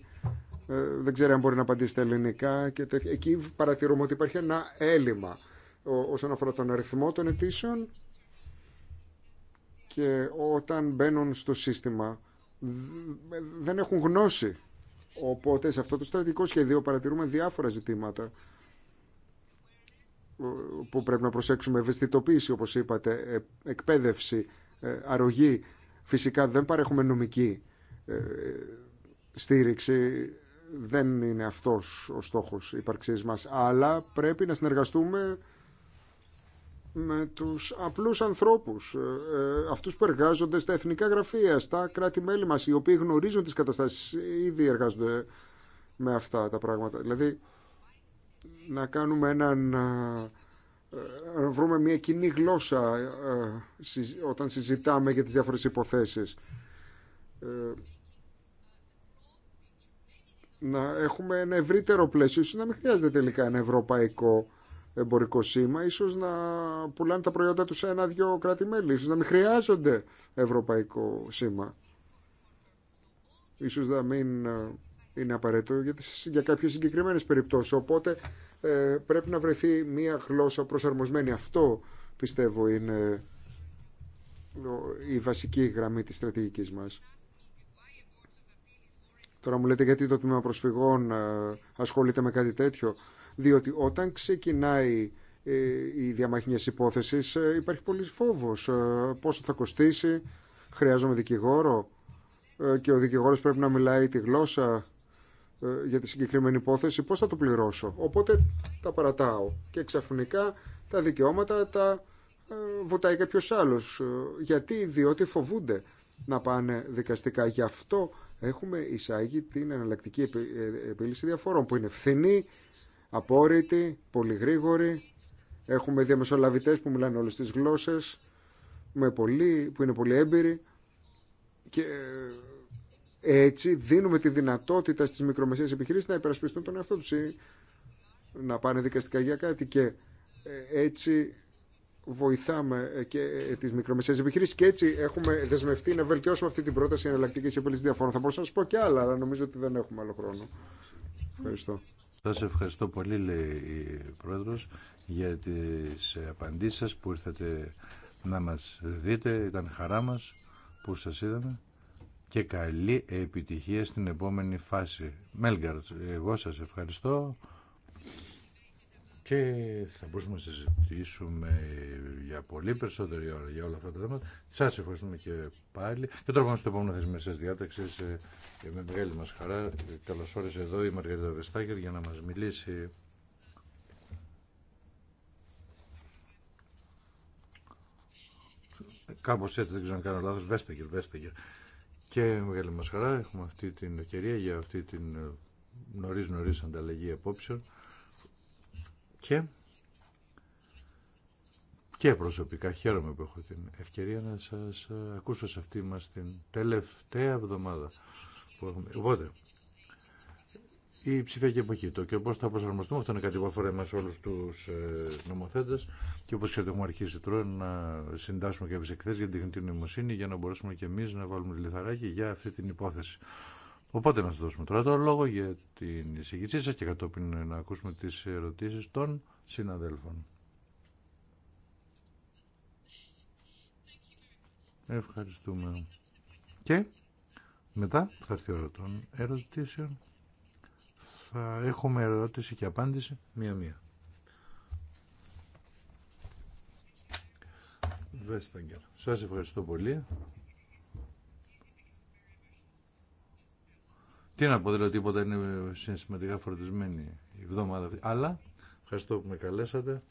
[SPEAKER 4] δεν ξέρει αν μπορεί να απαντήσει στα ελληνικά και Εκεί παρατηρούμε ότι υπάρχει ένα έλλειμμα όσον αφορά τον αριθμό των αιτήσεων και όταν μπαίνουν στο σύστημα δεν έχουν γνώση. Οπότε σε αυτό το στρατηγικό σχέδιο παρατηρούμε διάφορα ζητήματα που πρέπει να προσέξουμε, ευαισθητοποίηση όπως είπατε, ε, εκπαίδευση, ε, αρρωγή. Φυσικά δεν παρέχουμε νομική ε, στήριξη, δεν είναι αυτός ο στόχος ύπαρξής μας, αλλά πρέπει να συνεργαστούμε με τους απλούς ανθρώπους, αυτούς που εργάζονται στα εθνικά γραφεία, στα κράτη-μέλη μας, οι οποίοι γνωρίζουν τις καταστάσεις, ήδη εργάζονται με αυτά τα πράγματα. Δηλαδή, να κάνουμε έναν ε, βρούμε μια κοινή γλώσσα όταν συζητάμε για τις διάφορες υποθέσεις. Ε, να έχουμε ένα ευρύτερο πλαίσιο, ίσως να μην χρειάζεται τελικά ένα ευρωπαϊκό εμπορικό σήμα, ίσως να πουλάνε τα προϊόντα τους σε ένα-δυο κράτη-μέλη, ίσως να μην χρειάζονται ευρωπαϊκό σήμα. Ίσως να μην είναι απαραίτητο για, για κάποιες συγκεκριμένες περιπτώσεις. Οπότε ε, πρέπει να βρεθεί μία γλώσσα προσαρμοσμένη. Αυτό πιστεύω είναι η βασική γραμμή της στρατηγικής μας. Τώρα μου λέτε γιατί το τμήμα προσφυγών ε, ασχολείται με κάτι τέτοιο. Διότι όταν ξεκινάει ε, η διαμαχνίας υπόθεσης υπάρχει πολύ φόβος. Πόσο θα κοστίσει, χρειάζομαι δικηγόρο και ο δικηγόρος πρέπει να μιλάει τη γλώσσα ε, για τη συγκεκριμένη υπόθεση, πώς θα το πληρώσω. Οπότε τα παρατάω και ξαφνικά τα δικαιώματα τα ε, βουτάει κάποιο άλλος. Ε, γιατί, διότι φοβούνται να πάνε δικαστικά. Γι' αυτό έχουμε εισάγει την εναλλακτική επίλυση διαφορών που είναι φθηνή, απόρριτη, πολύ γρήγορη. Έχουμε διαμεσολαβητές που μιλάνε όλες τις γλώσσες, με πολύ, που είναι πολύ έμπειροι έτσι δίνουμε τη δυνατότητα στις μικρομεσαίες επιχειρήσεις να υπερασπιστούν τον εαυτό τους ή να πάνε δικαστικά για κάτι και ε, έτσι βοηθάμε ε, και ε, τι μικρομεσαίε επιχειρήσει και έτσι έχουμε δεσμευτεί να βελτιώσουμε αυτή την πρόταση εναλλακτική επίλυση διαφόρων. Θα μπορούσα να σα πω και άλλα, αλλά νομίζω ότι δεν έχουμε άλλο χρόνο. Ευχαριστώ.
[SPEAKER 2] Σα ευχαριστώ πολύ, λέει η Πρόεδρο, για τι απαντήσει σα που ήρθατε να μα δείτε. Ήταν χαρά μα που σα είδαμε και καλή επιτυχία στην επόμενη φάση. Μέλγκαρτ, εγώ σας ευχαριστώ και θα μπορούσαμε να συζητήσουμε για πολύ περισσότερη ώρα για όλα αυτά τα θέματα. Σας ευχαριστούμε και πάλι. Και τώρα πάμε στο επόμενο θέσμα σας διάταξη. Ε, με μεγάλη μας χαρά ε, καλώς όρισε εδώ η Μαργαρίτα Βεστάκερ για να μας μιλήσει. Κάπως έτσι δεν ξέρω αν κάνω λάθος. Βέστεγερ, και μεγάλη μας χαρά έχουμε αυτή την ευκαιρία για αυτή την ε, νωρίς νωρίς ανταλλαγή απόψεων και, και προσωπικά χαίρομαι που έχω την ευκαιρία να σας ε, ακούσω σε αυτή μας την τελευταία εβδομάδα. Που έχουμε. Οπότε, η ψηφιακή εποχή. Το και πώ θα προσαρμοστούμε, αυτό είναι κάτι που αφορά εμά όλου του ε, νομοθέτε. Και όπω ξέρετε, έχουμε αρχίσει τώρα να συντάσσουμε κάποιε εκθέσει για την τεχνητή νοημοσύνη για να μπορέσουμε και εμεί να βάλουμε λιθαράκι για αυτή την υπόθεση. Οπότε να σα δώσουμε τώρα το λόγο για την εισηγησή σα και κατόπιν να ακούσουμε τι ερωτήσει των συναδέλφων. Ευχαριστούμε. Και μετά θα έρθει η ώρα των ερωτήσεων θα έχουμε ερώτηση και απάντηση μία-μία. Σα Σας ευχαριστώ πολύ. Τι να πω, δηλαδή τίποτα είναι συναισθηματικά φορτισμένη η εβδομάδα αυτή. Αλλά, ευχαριστώ που με καλέσατε.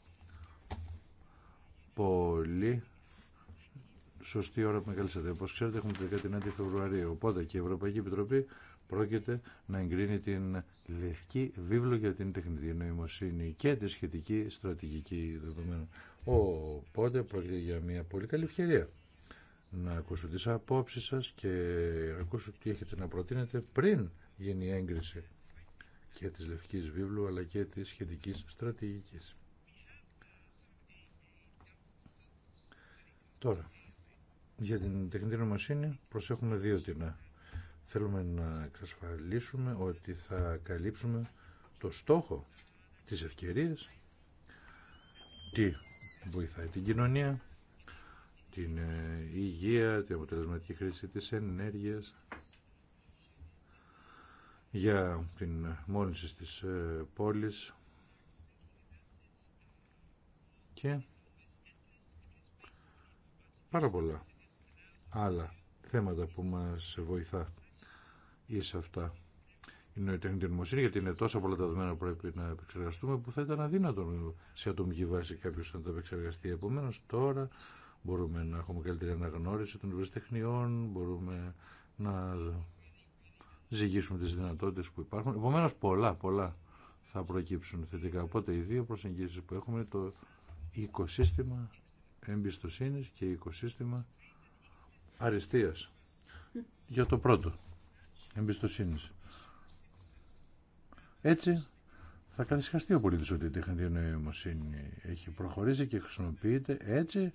[SPEAKER 2] Πολύ σωστή ώρα που με καλέσατε. Όπως ξέρετε έχουμε 19 Φεβρουαρίου, οπότε και η Ευρωπαϊκή Επιτροπή πρόκειται να εγκρίνει την λευκή βίβλο για την τεχνητή νοημοσύνη και τη σχετική στρατηγική δεδομένων. Οπότε πρόκειται για μια πολύ καλή ευκαιρία να ακούσω τις απόψεις σας και να ακούσω τι έχετε να προτείνετε πριν γίνει η έγκριση και της Λευκής Βίβλου αλλά και της σχετικής στρατηγικής. Τώρα, για την τεχνητή νομοσύνη προσέχουμε δύο τινά. Θέλουμε να εξασφαλίσουμε ότι θα καλύψουμε το στόχο της ευκαιρίας, τι βοηθάει την κοινωνία, την ε, υγεία, την αποτελεσματική χρήση της ενέργειας, για την μόλυνση της ε, πόλης και πάρα πολλά άλλα θέματα που μας βοηθά σε αυτά. Είναι η τεχνητή νομοσύνη, γιατί είναι τόσα πολλά δεδομένα που πρέπει να επεξεργαστούμε, που θα ήταν αδύνατο σε ατομική βάση κάποιο να τα επεξεργαστεί. Επομένω, τώρα μπορούμε να έχουμε καλύτερη αναγνώριση των τεχνιών, μπορούμε να ζυγίσουμε τι δυνατότητε που υπάρχουν. Επομένω, πολλά, πολλά θα προκύψουν θετικά. Οπότε, οι δύο προσεγγίσει που έχουμε είναι το οικοσύστημα εμπιστοσύνη και οικοσύστημα αριστεία. Για το πρώτο. Εμπιστοσύνη. Έτσι θα καθισχαστεί ο πολίτης ότι η τεχνητή νοημοσύνη έχει προχωρήσει και χρησιμοποιείται έτσι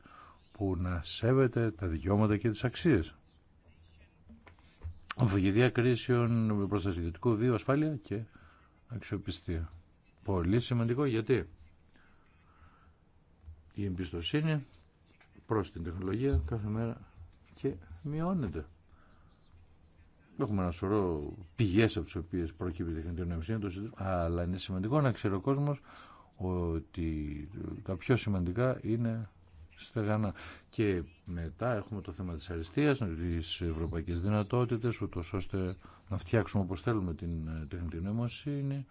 [SPEAKER 2] που να σέβεται τα δικαιώματα και τις αξίες. Αμφιγεδία κρίσεων, προστασία ιδιωτικού βίου, ασφάλεια και αξιοπιστία. Πολύ σημαντικό γιατί η εμπιστοσύνη προς την τεχνολογία κάθε μέρα και μειώνεται. Έχουμε ένα σωρό πηγέ από τι οποίε προκύπτει η τεχνητή νοημοσύνη, αλλά είναι σημαντικό να ξέρει ο κόσμο ότι τα πιο σημαντικά είναι στεγανά. Και μετά έχουμε το θέμα της αριστείας, τι ευρωπαϊκές δυνατότητες, ούτως ώστε να φτιάξουμε όπω θέλουμε την τεχνητή νοημοσύνη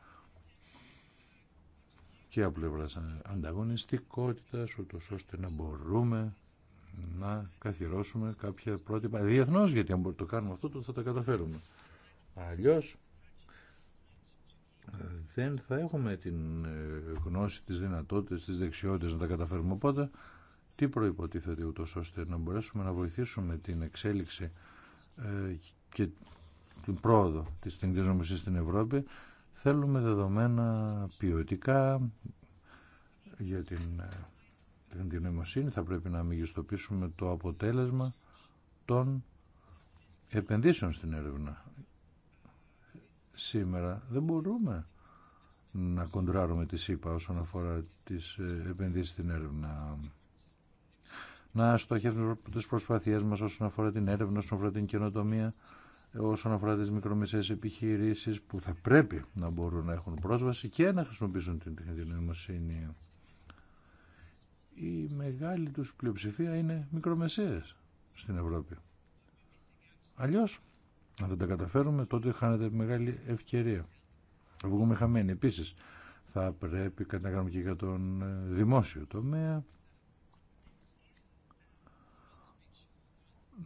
[SPEAKER 2] και από πλευρά ανταγωνιστικότητα, ούτω ώστε να μπορούμε να καθιερώσουμε κάποια πρότυπα διεθνώ, γιατί αν το κάνουμε αυτό το θα τα καταφέρουμε. Αλλιώς δεν θα έχουμε την ε, γνώση, τις δυνατότητες, τις δεξιότητες να τα καταφέρουμε. Οπότε τι προϋποτίθεται ούτω ώστε να μπορέσουμε να βοηθήσουμε την εξέλιξη ε, και την πρόοδο της τεχνητής στην Ευρώπη. Θέλουμε δεδομένα ποιοτικά για την ε, πριν την νοημοσύνη θα πρέπει να μεγιστοποιήσουμε το αποτέλεσμα των επενδύσεων στην έρευνα. Σήμερα δεν μπορούμε να κοντράρουμε τη ΣΥΠΑ όσον αφορά τις ε, επενδύσεις στην έρευνα. Να στοχεύουμε τις προσπάθειές μας όσον αφορά την έρευνα, όσον αφορά την καινοτομία, όσον αφορά τις μικρομεσαίες επιχειρήσεις που θα πρέπει να μπορούν να έχουν πρόσβαση και να χρησιμοποιήσουν την τεχνητή νοημοσύνη η μεγάλη τους πλειοψηφία είναι μικρομεσαίες στην Ευρώπη. Αλλιώς, αν δεν τα καταφέρουμε, τότε χάνεται μεγάλη ευκαιρία. βγούμε χαμένοι. Επίσης, θα πρέπει κατά να κάνουμε και για τον ε, δημόσιο τομέα.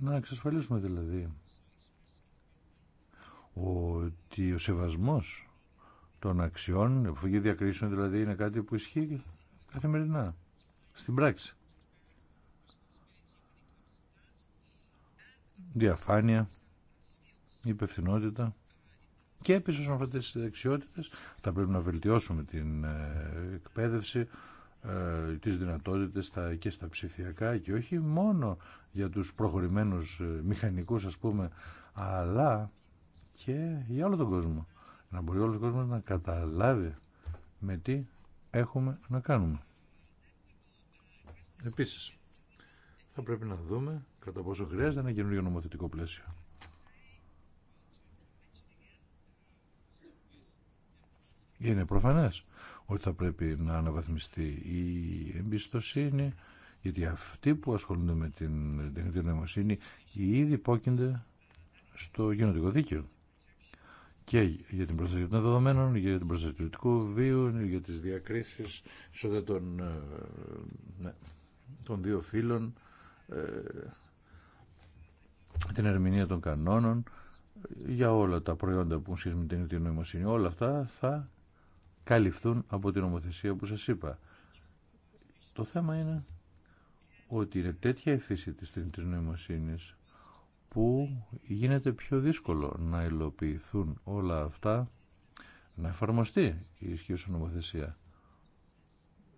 [SPEAKER 2] Να εξασφαλίσουμε δηλαδή ότι ο σεβασμός των αξιών, η διακρίσεων δηλαδή είναι κάτι που ισχύει καθημερινά στην πράξη. Διαφάνεια, υπευθυνότητα και επίσης με αυτές τις δεξιότητες θα πρέπει να βελτιώσουμε την ε, εκπαίδευση τι ε, τις και στα ψηφιακά και όχι μόνο για τους προχωρημένους ε, μηχανικούς ας πούμε αλλά και για όλο τον κόσμο να μπορεί όλος ο κόσμος να καταλάβει με τι έχουμε να κάνουμε. Επίση, θα πρέπει να δούμε κατά πόσο χρειάζεται ένα καινούργιο νομοθετικό πλαίσιο. Είναι προφανές ότι θα πρέπει να αναβαθμιστεί η εμπιστοσύνη, γιατί αυτοί που ασχολούνται με την τεχνητή νοημοσύνη ήδη υπόκεινται στο γενετικό δίκαιο. Και για την προστασία των δεδομένων, για την προστασία του βίου, για τις διακρίσεις, ισότητα των ε, ναι των δύο φύλων, ε, την ερμηνεία των κανόνων, για όλα τα προϊόντα που σχέση την νοημοσύνη. Όλα αυτά θα καλυφθούν από την νομοθεσία που σας είπα. Το θέμα είναι ότι είναι τέτοια η φύση της νοημοσύνης που γίνεται πιο δύσκολο να υλοποιηθούν όλα αυτά να εφαρμοστεί η ισχύουσα νομοθεσία.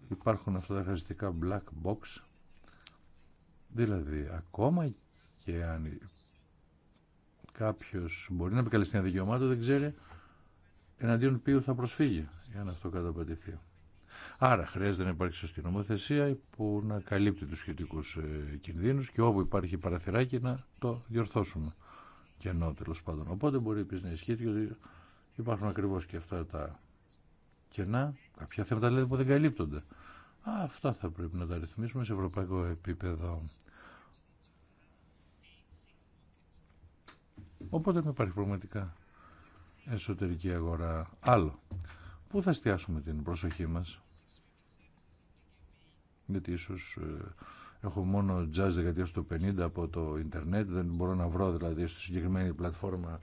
[SPEAKER 2] Υπάρχουν αυτά τα χαριστικά black box Δηλαδή, ακόμα και αν κάποιο μπορεί να επικαλεστεί ένα δικαιωμά δεν ξέρει εναντίον ποιου θα προσφύγει, για να αυτό καταπατηθεί. Άρα χρειάζεται να υπάρξει σωστή νομοθεσία που να καλύπτει τους σχετικούς ε, κινδύνου και όπου υπάρχει παραθυράκι να το διορθώσουμε. Και ενώ τέλο πάντων. Οπότε μπορεί επίση να ισχύει ότι υπάρχουν ακριβώ και αυτά τα κενά, κάποια θέματα λέτε δηλαδή που δεν καλύπτονται. Αυτά θα πρέπει να τα ρυθμίσουμε σε ευρωπαϊκό επίπεδο. Οπότε δεν υπάρχει πραγματικά εσωτερική αγορά. Άλλο. Πού θα εστιάσουμε την προσοχή μας. Γιατί ίσως ε, έχω μόνο jazz δεκαετία του 50 από το ίντερνετ. Δεν μπορώ να βρω δηλαδή στη συγκεκριμένη πλατφόρμα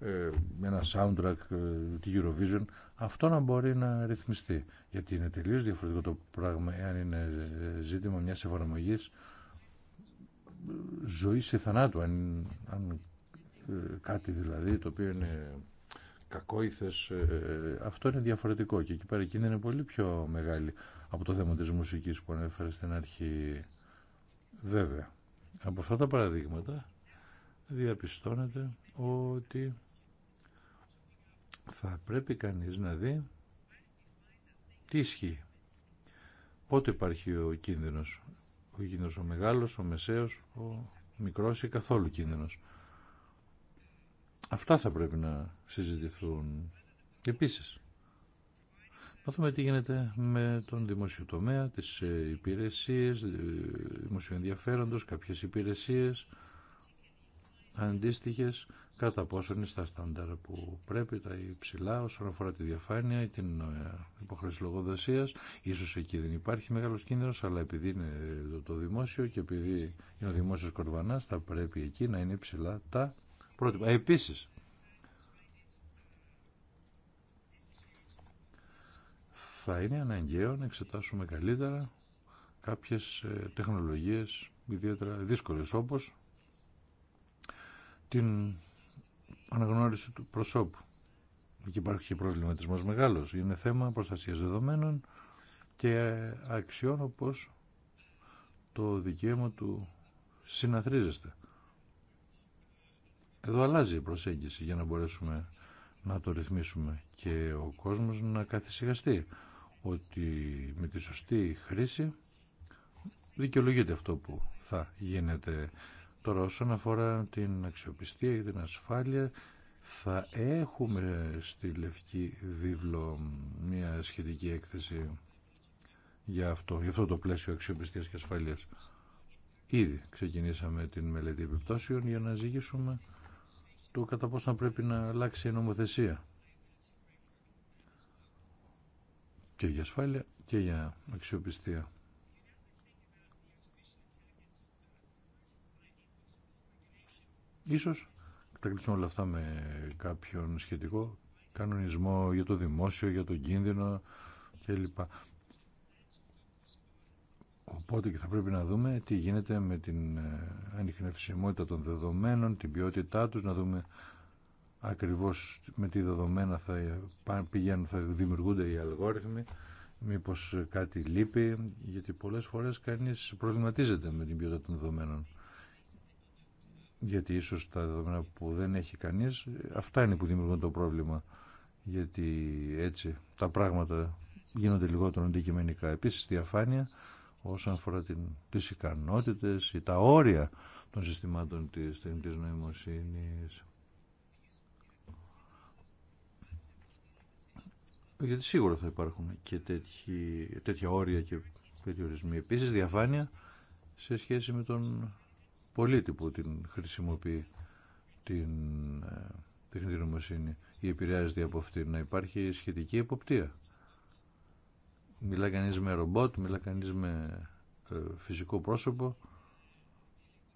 [SPEAKER 2] ε, ένα soundtrack ε, τη Eurovision. Αυτό να μπορεί να ρυθμιστεί. Γιατί είναι τελείως διαφορετικό το πράγμα εάν είναι ζήτημα μιας εφαρμογής ζωή σε θανάτου. Αν, αν ε, κάτι δηλαδή το οποίο είναι κακόηθες, ε, ε, αυτό είναι διαφορετικό και εκεί πέρα είναι πολύ πιο μεγάλη από το θέμα της μουσικής που ανέφερε στην αρχή. Βέβαια, από αυτά τα παραδείγματα διαπιστώνεται ότι θα πρέπει κανείς να δει τι ισχύει. Πότε υπάρχει ο κίνδυνος. Ο κίνδυνος ο μεγάλος, ο μεσαίος, ο μικρός ή καθόλου κίνδυνος. Αυτά θα πρέπει να συζητηθούν επίσης. Να δούμε τι γίνεται με τον δημόσιο τομέα, τις ε, υπηρεσίες, ε, δημοσιο ενδιαφέροντος, κάποιες υπηρεσίες, Αντίστοιχε κατά πόσο είναι στα στάνταρ που πρέπει, τα υψηλά όσον αφορά τη διαφάνεια, ή την ε, υποχρέωση λογοδοσία. Ίσως εκεί δεν υπάρχει μεγάλος κίνδυνος, αλλά επειδή είναι το δημόσιο και επειδή είναι ο δημόσιος Κορβανά θα πρέπει εκεί να είναι υψηλά τα πρότυπα. Επίσης, θα είναι αναγκαίο να εξετάσουμε καλύτερα κάποιες ε, τεχνολογίες ιδιαίτερα δύσκολες όπως την αναγνώριση του προσώπου. Εκεί υπάρχει και προβληματισμός μεγάλος. Είναι θέμα προστασίας δεδομένων και αξιών όπως το δικαίωμα του συναθρίζεστε. Εδώ αλλάζει η προσέγγιση για να μπορέσουμε να το ρυθμίσουμε και ο κόσμος να καθυσυχαστεί ότι με τη σωστή χρήση δικαιολογείται αυτό που θα γίνεται Τώρα όσον αφορά την αξιοπιστία και την ασφάλεια θα έχουμε στη Λευκή Βίβλο μια σχετική έκθεση για αυτό, για αυτό το πλαίσιο αξιοπιστίας και ασφάλειας. Ήδη ξεκινήσαμε την μελέτη επιπτώσεων για να ζηγήσουμε το κατά πόσο θα πρέπει να αλλάξει η νομοθεσία. Και για ασφάλεια και για αξιοπιστία. Ίσως τα κλείσουν όλα αυτά με κάποιον σχετικό κανονισμό για το δημόσιο, για τον κίνδυνο κλπ. Οπότε και θα πρέπει να δούμε τι γίνεται με την ε, ανιχνευσιμότητα των δεδομένων, την ποιότητά τους, να δούμε ακριβώς με τι δεδομένα θα πηγαίνουν, θα δημιουργούνται οι αλγόριθμοι, μήπως κάτι λείπει, γιατί πολλές φορές κανείς προβληματίζεται με την ποιότητα των δεδομένων γιατί ίσως τα δεδομένα που δεν έχει κανείς αυτά είναι που δημιουργούν το πρόβλημα γιατί έτσι τα πράγματα γίνονται λιγότερο αντικειμενικά. Επίσης διαφάνεια όσον αφορά την, τις ικανότητες ή τα όρια των συστημάτων της τεχνητής νοημοσύνης. Γιατί σίγουρα θα υπάρχουν και τέτοια όρια και περιορισμοί. Επίσης διαφάνεια σε σχέση με τον πολίτη που την χρησιμοποιεί την ε, τεχνητή νομοσύνη ή επηρεάζεται από αυτή να υπάρχει σχετική εποπτεία. Μιλά κανεί με ρομπότ, μιλά κανεί με ε, φυσικό πρόσωπο.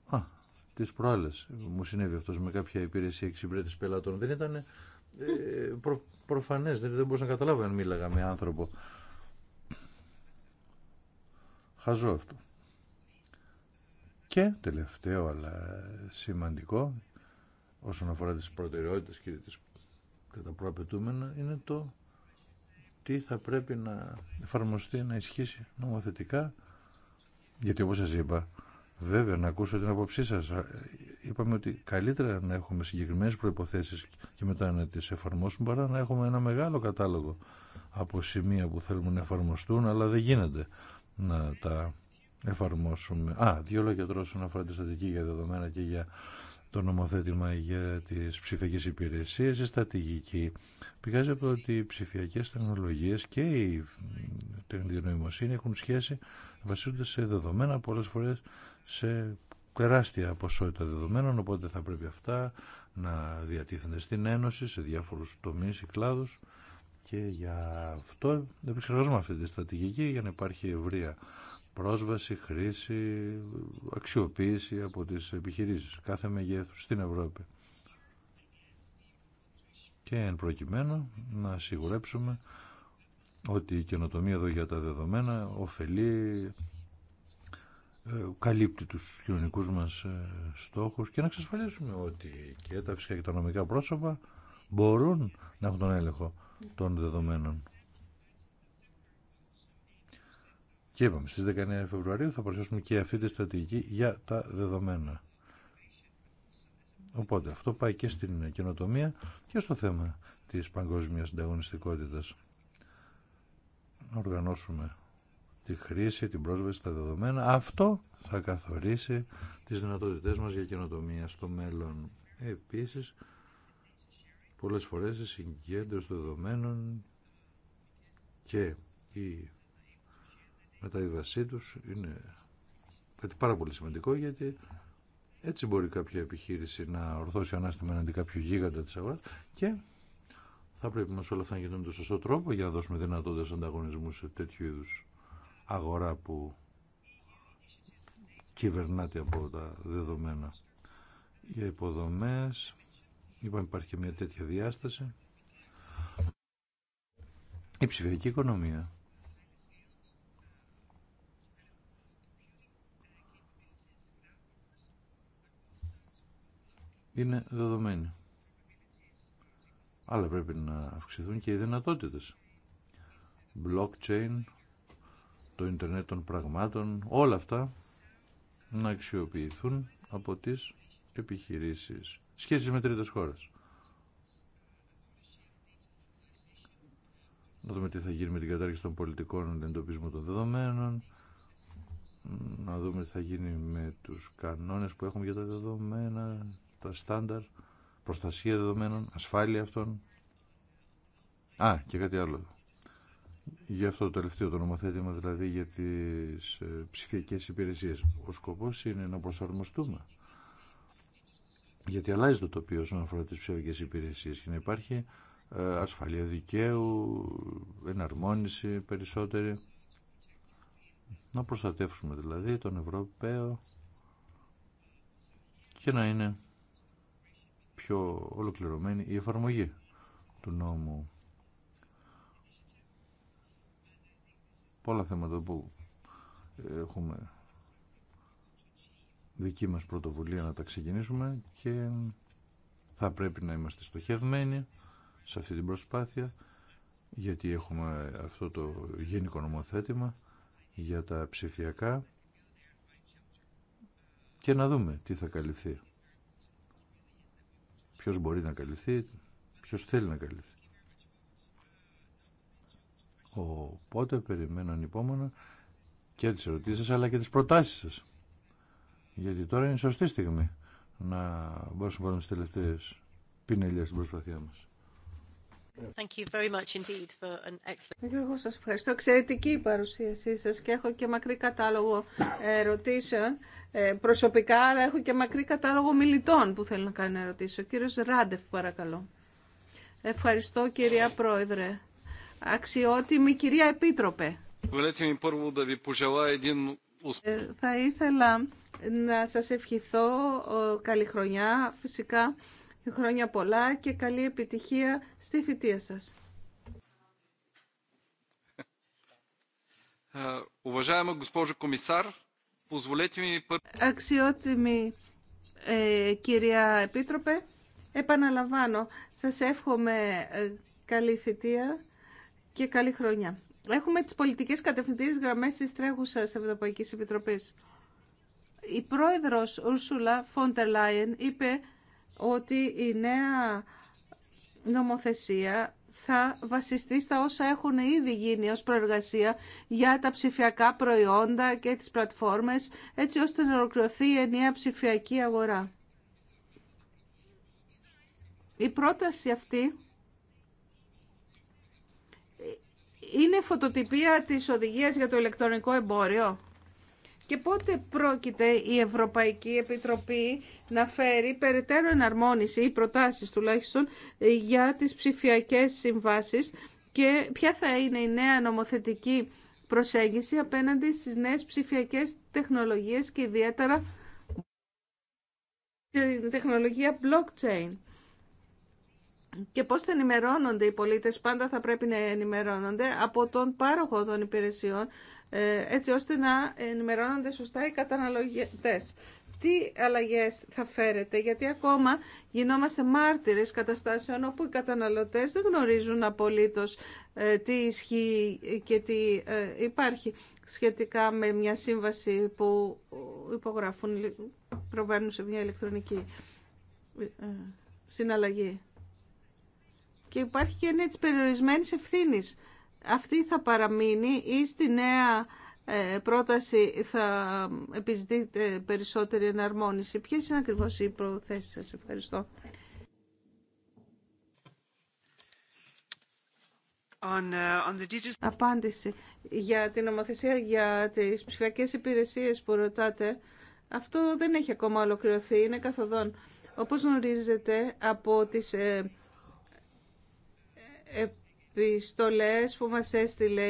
[SPEAKER 2] Α, τις προάλλε μου συνέβη αυτός με κάποια υπηρεσία εξυπηρέτηση πελατών. Δεν ήταν ε, προφανές, δεν, δεν μπορούσα να καταλάβω αν μίλαγα με άνθρωπο. Χαζό αυτό. Και τελευταίο αλλά σημαντικό όσον αφορά τις προτεραιότητες και τις καταπροαπαιτούμενα είναι το τι θα πρέπει να εφαρμοστεί, να ισχύσει νομοθετικά γιατί όπως σας είπα βέβαια να ακούσω την απόψή σας είπαμε ότι καλύτερα να έχουμε συγκεκριμένες προϋποθέσεις και μετά να τις εφαρμόσουμε παρά να έχουμε ένα μεγάλο κατάλογο από σημεία που θέλουμε να εφαρμοστούν αλλά δεν γίνεται να τα εφαρμόσουμε. Α, δύο λόγια τώρα όσον αφορά τη στατική για δεδομένα και για το νομοθέτημα για τι ψηφιακέ υπηρεσίε η στατηγική πηγάζει από το ότι οι ψηφιακέ τεχνολογίε και η τεχνητή νοημοσύνη έχουν σχέση, βασίζονται σε δεδομένα πολλέ φορέ σε τεράστια ποσότητα δεδομένων, οπότε θα πρέπει αυτά να διατίθενται στην Ένωση σε διάφορου τομεί, ή κλάδου, και για αυτό επεξεργαζόμαστε αυτή τη στρατηγική για να υπάρχει ευρεία πρόσβαση, χρήση, αξιοποίηση από τις επιχειρήσεις κάθε μεγέθους στην Ευρώπη. Και εν προκειμένου να σιγουρέψουμε ότι η καινοτομία εδώ για τα δεδομένα ωφελεί, ε, καλύπτει τους κοινωνικού μας ε, στόχους και να εξασφαλίσουμε ότι και τα φυσικά και τα νομικά πρόσωπα μπορούν να έχουν τον έλεγχο των δεδομένων. Και είπαμε στις 19 Φεβρουαρίου θα παρουσιάσουμε και αυτή τη στρατηγική για τα δεδομένα. Οπότε αυτό πάει και στην καινοτομία και στο θέμα της παγκόσμιας ανταγωνιστικότητας. Να οργανώσουμε τη χρήση, την πρόσβαση στα δεδομένα. Αυτό θα καθορίσει τις δυνατότητές μας για καινοτομία στο μέλλον. Επίσης, πολλές φορές η συγκέντρωση των δεδομένων και η μεταβίβασή του είναι κάτι πάρα πολύ σημαντικό γιατί έτσι μπορεί κάποια επιχείρηση να ορθώσει ανάστημα εναντί κάποιου γίγαντα της αγοράς και θα πρέπει μας όλα αυτά να γίνουν με τον σωστό τρόπο για να δώσουμε δυνατότητε ανταγωνισμού σε τέτοιου είδου αγορά που κυβερνάται από τα δεδομένα. Για υποδομές, είπαμε υπάρχει και μια τέτοια διάσταση. Η ψηφιακή οικονομία είναι δεδομένη. Αλλά πρέπει να αυξηθούν και οι δυνατότητες. Blockchain, το ίντερνετ των πραγμάτων, όλα αυτά να αξιοποιηθούν από τις επιχειρήσεις. Σχέσεις με τρίτες χώρες. Να δούμε τι θα γίνει με την κατάργηση των πολιτικών εντοπισμού των δεδομένων. Να δούμε τι θα γίνει με τους κανόνες που έχουμε για τα δεδομένα, τα στάνταρ, προστασία δεδομένων, ασφάλεια αυτών. Α, και κάτι άλλο. Για αυτό το τελευταίο το νομοθέτημα, δηλαδή για τις ε, ψηφιακές υπηρεσίες. Ο σκοπός είναι να προσαρμοστούμε. Γιατί αλλάζει το τοπίο όσον αφορά τις ψηφιακές υπηρεσίες και να υπάρχει ε, ασφαλεία δικαίου, εναρμόνιση περισσότερη. Να προστατεύσουμε δηλαδή τον Ευρωπαίο και να είναι πιο ολοκληρωμένη η εφαρμογή του νόμου. Πολλά θέματα που έχουμε δική μας πρωτοβουλία να τα ξεκινήσουμε και θα πρέπει να είμαστε στοχευμένοι σε αυτή την προσπάθεια γιατί έχουμε αυτό το γενικό νομοθέτημα για τα ψηφιακά και να δούμε τι θα καλυφθεί ποιος μπορεί να καλυφθεί, ποιος θέλει να καλυφθεί. Οπότε περιμένω ανυπόμονα και τις ερωτήσεις σας, αλλά και τις προτάσεις σας. Γιατί τώρα είναι η σωστή στιγμή να μπορούμε να βάλουμε τις τελευταίες πινελιές στην προσπαθία
[SPEAKER 1] μας.
[SPEAKER 3] Thank you very much indeed for an excellent... Εγώ σας ευχαριστώ. Εξαιρετική η παρουσίασή σας και έχω και μακρύ κατάλογο ερωτήσεων. Ε, προσωπικά, έχω και μακρύ κατάλογο μιλητών που θέλω να κάνω ερωτήσει. Ο κύριος Ράντεφ, παρακαλώ. Ευχαριστώ, κυρία Πρόεδρε. Αξιότιμη κυρία Επίτροπε. Ε, θα ήθελα να σας ευχηθώ καλή χρονιά, φυσικά χρόνια πολλά και καλή επιτυχία στη θητεία σας.
[SPEAKER 5] Ε, уважаема госпожо комисар,
[SPEAKER 3] Αξιότιμη ε, κυρία Επίτροπε, επαναλαμβάνω, σας εύχομαι ε, καλή θητεία και καλή χρονιά. Έχουμε τις πολιτικές κατευθυντήριες γραμμές της τρέχουσας Ευρωπαϊκής Επιτροπής. Η πρόεδρος Ούρσουλα Φόντερ Λάιεν είπε ότι η νέα νομοθεσία θα βασιστεί στα όσα έχουν ήδη γίνει ως προεργασία για τα ψηφιακά προϊόντα και τις πλατφόρμες, έτσι ώστε να ολοκληρωθεί η ενιαία ψηφιακή αγορά. Η πρόταση αυτή είναι φωτοτυπία της οδηγίας για το ηλεκτρονικό εμπόριο. Και πότε πρόκειται η Ευρωπαϊκή Επιτροπή να φέρει περαιτέρω εναρμόνιση ή προτάσεις τουλάχιστον για τις ψηφιακές συμβάσεις και ποια θα είναι η νέα νομοθετική προσέγγιση απέναντι στις νέες ψηφιακές τεχνολογίες και ιδιαίτερα την τεχνολογία blockchain. Και πώς θα ενημερώνονται οι πολίτες, πάντα θα πρέπει να ενημερώνονται από τον πάροχο των υπηρεσιών, ε, έτσι ώστε να ενημερώνονται σωστά οι καταναλωτές. Τι αλλαγές θα φέρετε, γιατί ακόμα γινόμαστε μάρτυρες καταστάσεων όπου οι καταναλωτές δεν γνωρίζουν απολύτως ε, τι ισχύει και τι ε, υπάρχει σχετικά με μια σύμβαση που υπογράφουν, προβαίνουν σε μια ηλεκτρονική συναλλαγή. Και υπάρχει και ένα της περιορισμένης ευθύνης αυτή θα παραμείνει ή στη νέα ε, πρόταση θα επιζητείτε περισσότερη εναρμόνιση. Ποιες είναι ακριβώς οι προθέσεις σας. Ευχαριστώ.
[SPEAKER 1] On, ε,
[SPEAKER 3] Απάντηση για την νομοθεσία για τις ψηφιακές υπηρεσίες που ρωτάτε. Αυτό δεν έχει ακόμα ολοκληρωθεί, είναι καθοδόν. Όπως γνωρίζετε από τις ε, επιστολές που μας έστειλε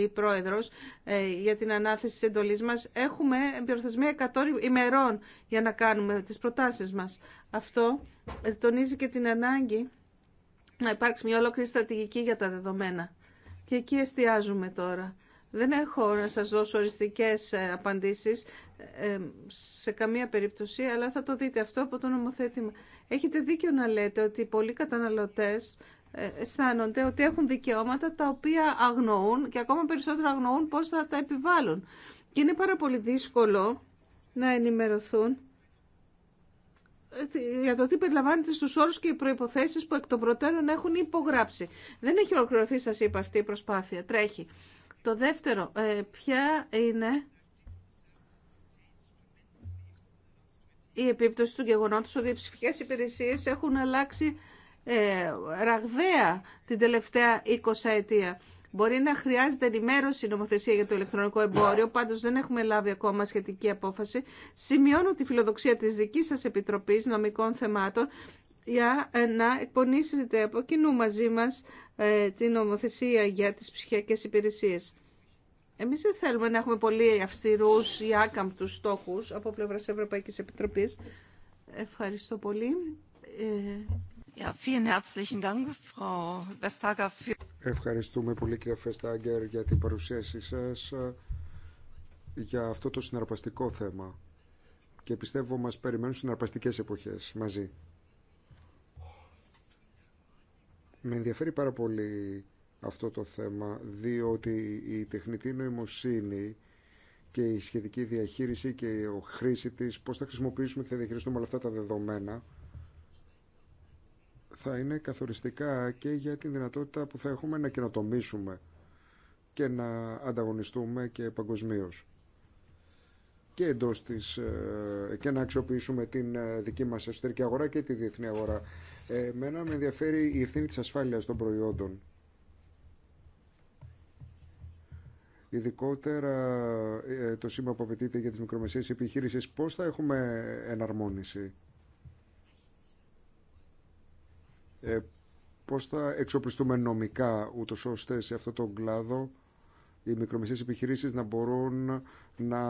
[SPEAKER 3] η Πρόεδρος ε, για την ανάθεση της εντολής μας. Έχουμε πυροθεσμία 100 ημερών για να κάνουμε τις προτάσεις μας. Αυτό ε, τονίζει και την ανάγκη να υπάρξει μια ολόκληρη στρατηγική για τα δεδομένα. Και εκεί εστιάζουμε τώρα. Δεν έχω να σας δώσω οριστικές ε, απαντήσεις σε καμία περίπτωση, αλλά θα το δείτε αυτό από το νομοθέτημα. Έχετε δίκιο να λέτε ότι πολλοί καταναλωτές αισθάνονται ότι έχουν δικαιώματα τα οποία αγνοούν και ακόμα περισσότερο αγνοούν πώς θα τα επιβάλλουν. Και είναι πάρα πολύ δύσκολο να ενημερωθούν για το τι περιλαμβάνεται στους όρους και οι προϋποθέσεις που εκ των προτέρων έχουν υπογράψει. Δεν έχει ολοκληρωθεί, σας είπα, αυτή η προσπάθεια. Τρέχει. Το δεύτερο, ε, ποια είναι η επίπτωση του γεγονότος ότι οι ψηφιακές υπηρεσίες έχουν αλλάξει ε, ραγδαία την τελευταία 20 ετία. Μπορεί να χρειάζεται ενημέρωση η νομοθεσία για το ηλεκτρονικό εμπόριο, πάντω δεν έχουμε λάβει ακόμα σχετική απόφαση. Σημειώνω τη φιλοδοξία τη δική σα Επιτροπή Νομικών Θεμάτων για ε, να εκπονήσετε από κοινού μαζί μα ε, την νομοθεσία για τι ψυχιακέ υπηρεσίε. Εμεί δεν θέλουμε να έχουμε πολύ αυστηρού ή άκαμπτου στόχου από πλευρά Ευρωπαϊκή Επιτροπή. Ευχαριστώ πολύ.
[SPEAKER 4] Ευχαριστούμε πολύ κύριε Φεστάγκερ για την παρουσίασή σας ε, για αυτό το συναρπαστικό θέμα και πιστεύω μας περιμένουν συναρπαστικές εποχές μαζί. Με ενδιαφέρει πάρα πολύ αυτό το θέμα διότι η τεχνητή νοημοσύνη και η σχετική διαχείριση και η χρήση της, πώς θα χρησιμοποιήσουμε και θα διαχειριστούμε όλα αυτά τα δεδομένα θα είναι καθοριστικά και για την δυνατότητα που θα έχουμε να καινοτομήσουμε και να ανταγωνιστούμε και παγκοσμίω. Και της, ε, και να αξιοποιήσουμε την ε, δική μας εσωτερική αγορά και τη διεθνή αγορά. Εμένα με ενδιαφέρει η ευθύνη της ασφάλειας των προϊόντων. Ειδικότερα ε, το σήμα που απαιτείται για τις μικρομεσαίες επιχείρησεις, πώς θα έχουμε εναρμόνιση ε, πώς θα εξοπλιστούμε νομικά ούτως ώστε σε αυτό τον κλάδο οι μικρομεσαίες επιχειρήσεις να μπορούν να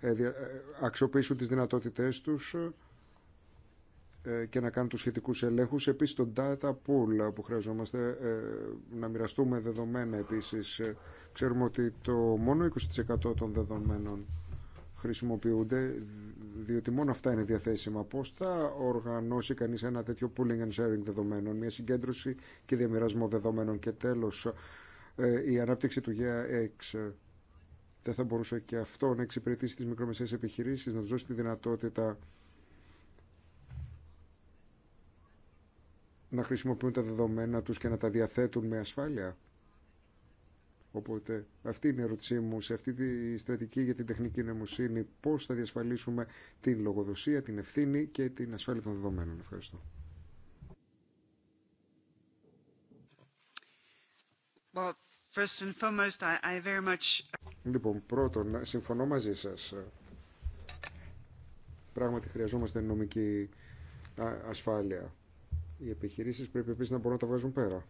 [SPEAKER 4] ε, ε, αξιοποιήσουν τις δυνατότητές τους ε, και να κάνουν τους σχετικούς ελέγχους. Επίσης το data pool που χρειαζόμαστε να μοιραστούμε δεδομένα επίσης. Ξέρουμε ότι το μόνο 20% των δεδομένων χρησιμοποιούνται, διότι μόνο αυτά είναι διαθέσιμα. Πώς θα οργανώσει κανείς ένα τέτοιο pooling and sharing δεδομένων, μια συγκέντρωση και διαμοιρασμό δεδομένων και τέλος ε, η ανάπτυξη του ΓΕΑΕΚΣ δεν θα μπορούσε και αυτό να εξυπηρετήσει τις μικρομεσαίες επιχειρήσεις, να τους δώσει τη δυνατότητα να χρησιμοποιούν τα δεδομένα τους και να τα διαθέτουν με ασφάλεια. Οπότε αυτή είναι η ερώτησή μου σε αυτή τη στρατηγική για την τεχνική νοημοσύνη. Πώς θα διασφαλίσουμε την λογοδοσία, την ευθύνη και την ασφάλεια των δεδομένων. Ευχαριστώ.
[SPEAKER 1] first and foremost, I very
[SPEAKER 4] much... Λοιπόν, πρώτον, συμφωνώ μαζί σας. Πράγματι χρειαζόμαστε νομική ασφάλεια. Οι επιχειρήσεις πρέπει επίσης να μπορούν να τα βγάζουν πέρα.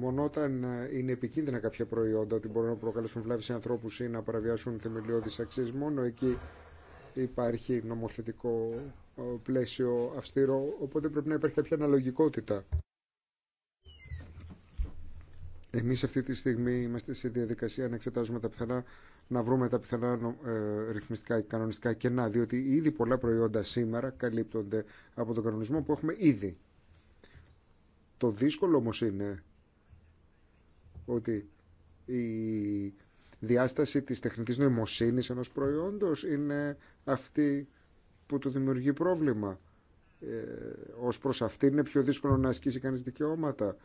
[SPEAKER 4] Μόνο όταν ε, είναι επικίνδυνα κάποια προϊόντα ότι μπορούν να προκαλέσουν βλάβη σε ανθρώπους ή να παραβιάσουν θεμελιώδεις αξίες, μόνο εκεί υπάρχει νομοθετικό ε, πλαίσιο αυστηρό, οπότε πρέπει να υπάρχει κάποια αναλογικότητα. Εμείς αυτή τη στιγμή είμαστε σε διαδικασία να εξετάζουμε τα πιθανά, να βρούμε τα πιθανά ε, ρυθμιστικά και κανονιστικά κενά, διότι ήδη πολλά προϊόντα σήμερα καλύπτονται από τον κανονισμό που έχουμε ήδη. Το δύσκολο όμω είναι ότι η διάσταση της τεχνητής νοημοσύνης ενός προϊόντος είναι αυτή που του δημιουργεί πρόβλημα. Ε, ως προς αυτή είναι πιο δύσκολο να ασκήσει κανείς δικαιώματα.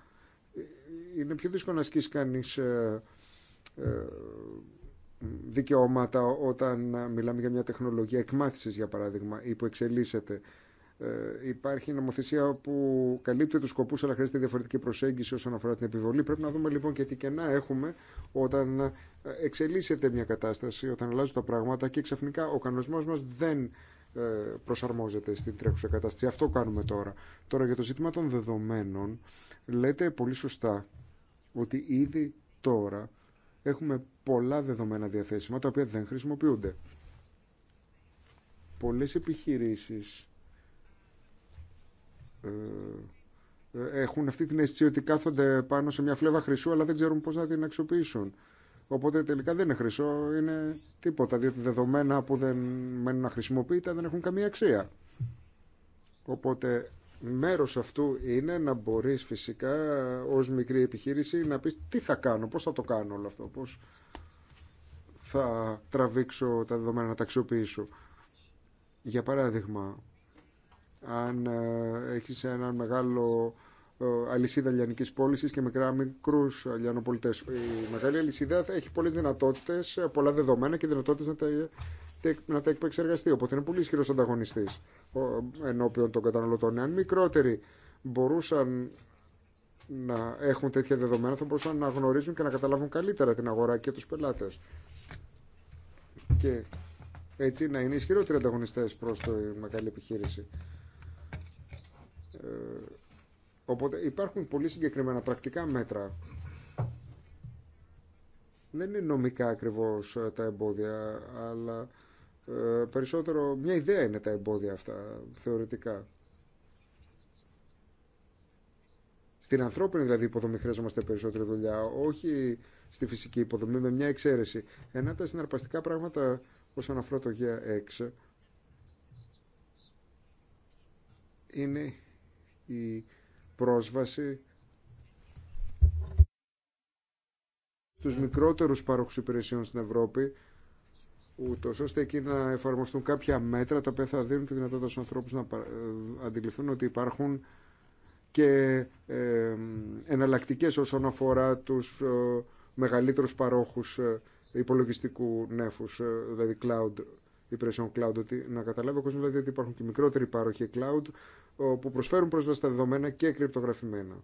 [SPEAKER 4] Είναι πιο δύσκολο να ασκήσει κανείς ε, ε δικαιώματα όταν μιλάμε για μια τεχνολογία εκμάθησης, για παράδειγμα, ή που εξελίσσεται. Ε, υπάρχει νομοθεσία που καλύπτει του σκοπού, αλλά χρειάζεται διαφορετική προσέγγιση όσον αφορά την επιβολή. Πρέπει να δούμε λοιπόν και τι κενά έχουμε όταν ε, εξελίσσεται μια κατάσταση, όταν αλλάζουν τα πράγματα και ξαφνικά ο κανονισμό μα δεν ε, προσαρμόζεται στην τρέχουσα κατάσταση. Αυτό κάνουμε τώρα. Τώρα για το ζήτημα των δεδομένων, λέτε πολύ σωστά ότι ήδη τώρα έχουμε πολλά δεδομένα διαθέσιμα τα οποία δεν χρησιμοποιούνται. Πολλές επιχειρήσεις ε, έχουν αυτή την αίσθηση ότι κάθονται πάνω σε μια φλέβα χρυσού αλλά δεν ξέρουν πώς να την αξιοποιήσουν. Οπότε τελικά δεν είναι χρυσό, είναι τίποτα, διότι δεδομένα που δεν μένουν να χρησιμοποιείται δεν έχουν καμία αξία. Οπότε μέρος αυτού είναι να μπορείς φυσικά ως μικρή επιχείρηση να πεις τι θα κάνω, πώς θα το κάνω όλο αυτό, πώς θα τραβήξω τα δεδομένα να τα αξιοποιήσω. Για παράδειγμα, αν ε, έχεις ένα μεγάλο ε, αλυσίδα λιανικής πώλησης και μικρά μικρούς ε, λιανοπολιτές. Η μεγάλη αλυσίδα έχει πολλές δυνατότητες, πολλά δεδομένα και δυνατότητες να τα, να τα εκπεξεργαστεί. Οπότε είναι πολύ ισχυρός ανταγωνιστής ενώπιον των καταναλωτών. Αν μικρότεροι μπορούσαν να έχουν τέτοια δεδομένα θα μπορούσαν να γνωρίζουν και να καταλάβουν καλύτερα την αγορά και τους πελάτες. Και έτσι να είναι ισχυρότεροι ανταγωνιστές προς τη μεγάλη επιχείρηση. Ε, οπότε υπάρχουν πολύ συγκεκριμένα πρακτικά μέτρα. Δεν είναι νομικά ακριβώς ε, τα εμπόδια, αλλά ε, περισσότερο μια ιδέα είναι τα εμπόδια αυτά, θεωρητικά. Στην ανθρώπινη δηλαδή υποδομή χρειαζόμαστε περισσότερη δουλειά, όχι στη φυσική υποδομή με μια εξαίρεση. Ένα τα συναρπαστικά πράγματα όσον αφορά το είναι η πρόσβαση στους μικρότερους παρόχους υπηρεσιών στην Ευρώπη ούτω ώστε εκεί να εφαρμοστούν κάποια μέτρα τα οποία θα δίνουν τη δυνατότητα στους ανθρώπους να ε, αντιληφθούν ότι υπάρχουν και ε, εναλλακτικές όσον αφορά τους ε, μεγαλύτερους παρόχους υπολογιστικού νέφους, δηλαδή cloud, υπηρεσιών cloud, ότι να καταλάβει ο κόσμος δηλαδή ότι υπάρχουν και μικρότεροι παρόχοι cloud που προσφέρουν πρόσβαση στα δεδομένα και κρυπτογραφημένα.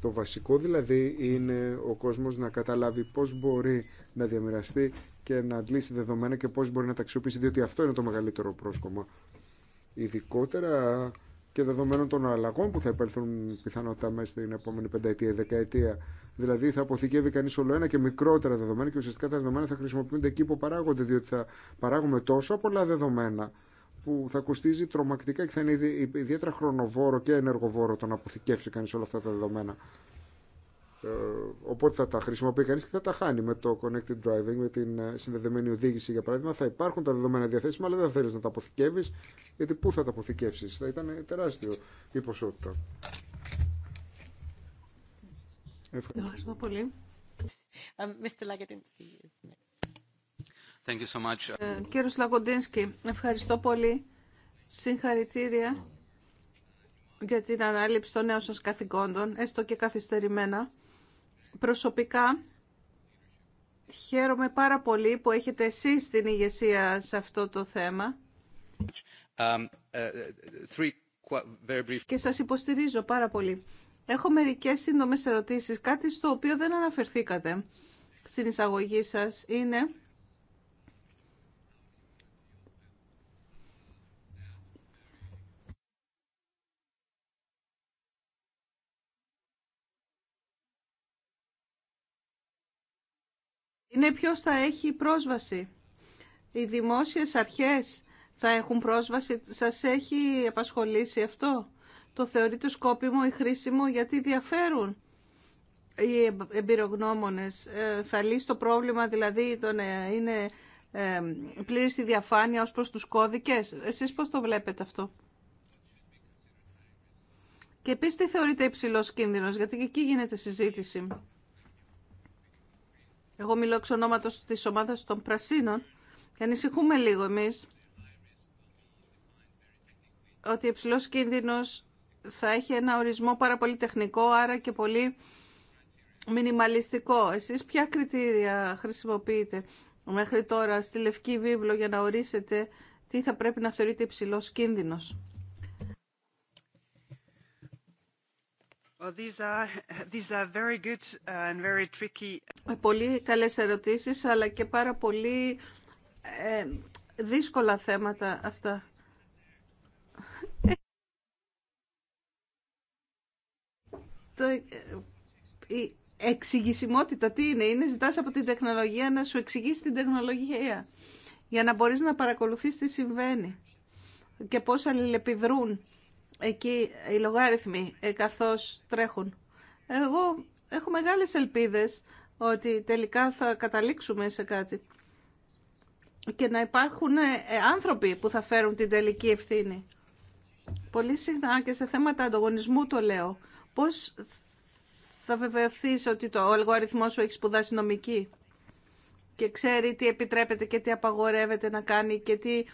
[SPEAKER 4] Το βασικό δηλαδή είναι ο κόσμος να καταλάβει πώς μπορεί να διαμοιραστεί και να αντλήσει δεδομένα και πώς μπορεί να τα αξιοποιήσει, διότι αυτό είναι το μεγαλύτερο πρόσκομα. Ειδικότερα και δεδομένων των αλλαγών που θα επέλθουν πιθανότητα μέσα στην επόμενη πενταετία ή δεκαετία. Δηλαδή θα αποθηκεύει κανεί όλο ένα και μικρότερα δεδομένα και ουσιαστικά τα δεδομένα θα χρησιμοποιούνται εκεί που παράγονται, διότι θα παράγουμε τόσο πολλά δεδομένα που θα κοστίζει τρομακτικά και θα είναι ιδιαίτερα χρονοβόρο και ενεργοβόρο το να αποθηκεύσει κανεί όλα αυτά τα δεδομένα. Ε, οπότε θα τα χρησιμοποιεί κανεί και θα τα χάνει με το connected driving, με την ε, συνδεδεμένη οδήγηση για παράδειγμα. Θα υπάρχουν τα δεδομένα διαθέσιμα, αλλά δεν θέλει να τα αποθηκεύεις γιατί πού θα τα αποθηκεύσει. Θα ήταν τεράστιο η ποσότητα.
[SPEAKER 3] Ευχαριστώ, πολύ. Ε,
[SPEAKER 2] Thank you so much.
[SPEAKER 3] κύριος Λαγκοντίνσκι, ευχαριστώ πολύ. Συγχαρητήρια για την ανάληψη των νέων σας καθηγόντων έστω και καθυστερημένα προσωπικά χαίρομαι πάρα πολύ που έχετε εσείς την ηγεσία σε αυτό το θέμα. Um, uh, three, very brief. Και σας υποστηρίζω πάρα πολύ. Έχω μερικές σύντομες ερωτήσεις. Κάτι στο οποίο δεν αναφερθήκατε στην εισαγωγή σας είναι είναι ποιος θα έχει πρόσβαση. Οι δημόσιες αρχές θα έχουν πρόσβαση. Σας έχει απασχολήσει αυτό. Το θεωρείτε σκόπιμο ή χρήσιμο γιατί διαφέρουν οι εμπειρογνώμονες. Ε, θα λύσει το πρόβλημα δηλαδή ε, είναι ε, πλήρη στη διαφάνεια ως προς τους κώδικες. Εσείς πώς το βλέπετε αυτό. Και επίσης τι θεωρείτε υψηλός κίνδυνος, γιατί και εκεί γίνεται συζήτηση. Εγώ μιλώ εξ ονόματος της ομάδας των Πρασίνων και ανησυχούμε λίγο εμείς ότι υψηλό κίνδυνο θα έχει ένα ορισμό πάρα πολύ τεχνικό, άρα και πολύ μινιμαλιστικό. Εσείς ποια κριτήρια χρησιμοποιείτε μέχρι τώρα στη Λευκή Βίβλο για να ορίσετε τι θα πρέπει να θεωρείτε υψηλό κίνδυνος. Πολύ καλές ερωτήσεις, αλλά και πάρα πολύ ε, δύσκολα θέματα αυτά. Το, ε, η εξηγησιμότητα τι είναι, είναι ζητάς από την τεχνολογία να σου εξηγήσει την τεχνολογία για να μπορείς να παρακολουθείς τι συμβαίνει και πώς αλληλεπιδρούν εκεί οι λογάριθμοι ε, καθώς τρέχουν. Εγώ έχω μεγάλες ελπίδες ότι τελικά θα καταλήξουμε σε κάτι και να υπάρχουν ε, ε, άνθρωποι που θα φέρουν την τελική ευθύνη. Πολύ συχνά και σε θέματα ανταγωνισμού το λέω. Πώς θα βεβαιωθείς ότι το αλγοριθμό σου έχει σπουδάσει νομική και ξέρει τι επιτρέπεται και τι απαγορεύεται να κάνει και τι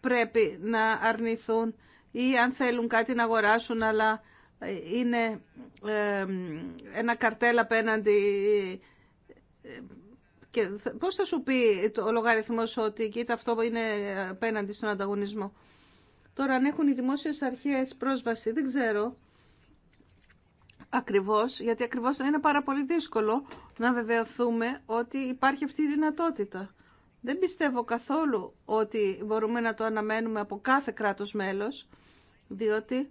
[SPEAKER 3] πρέπει να αρνηθούν ή αν θέλουν κάτι να αγοράσουν αλλά ε, είναι ε, ένα καρτέλ απέναντι ε, και πώς θα σου πει ο λογαριθμός ότι κοίτα αυτό είναι απέναντι στον ανταγωνισμό. Τώρα αν έχουν οι δημόσιες αρχές πρόσβαση δεν ξέρω ακριβώς, γιατί ακριβώς είναι πάρα πολύ δύσκολο να βεβαιωθούμε ότι υπάρχει αυτή η δυνατότητα. Δεν πιστεύω καθόλου ότι μπορούμε να το αναμένουμε από κάθε κράτος μέλος, διότι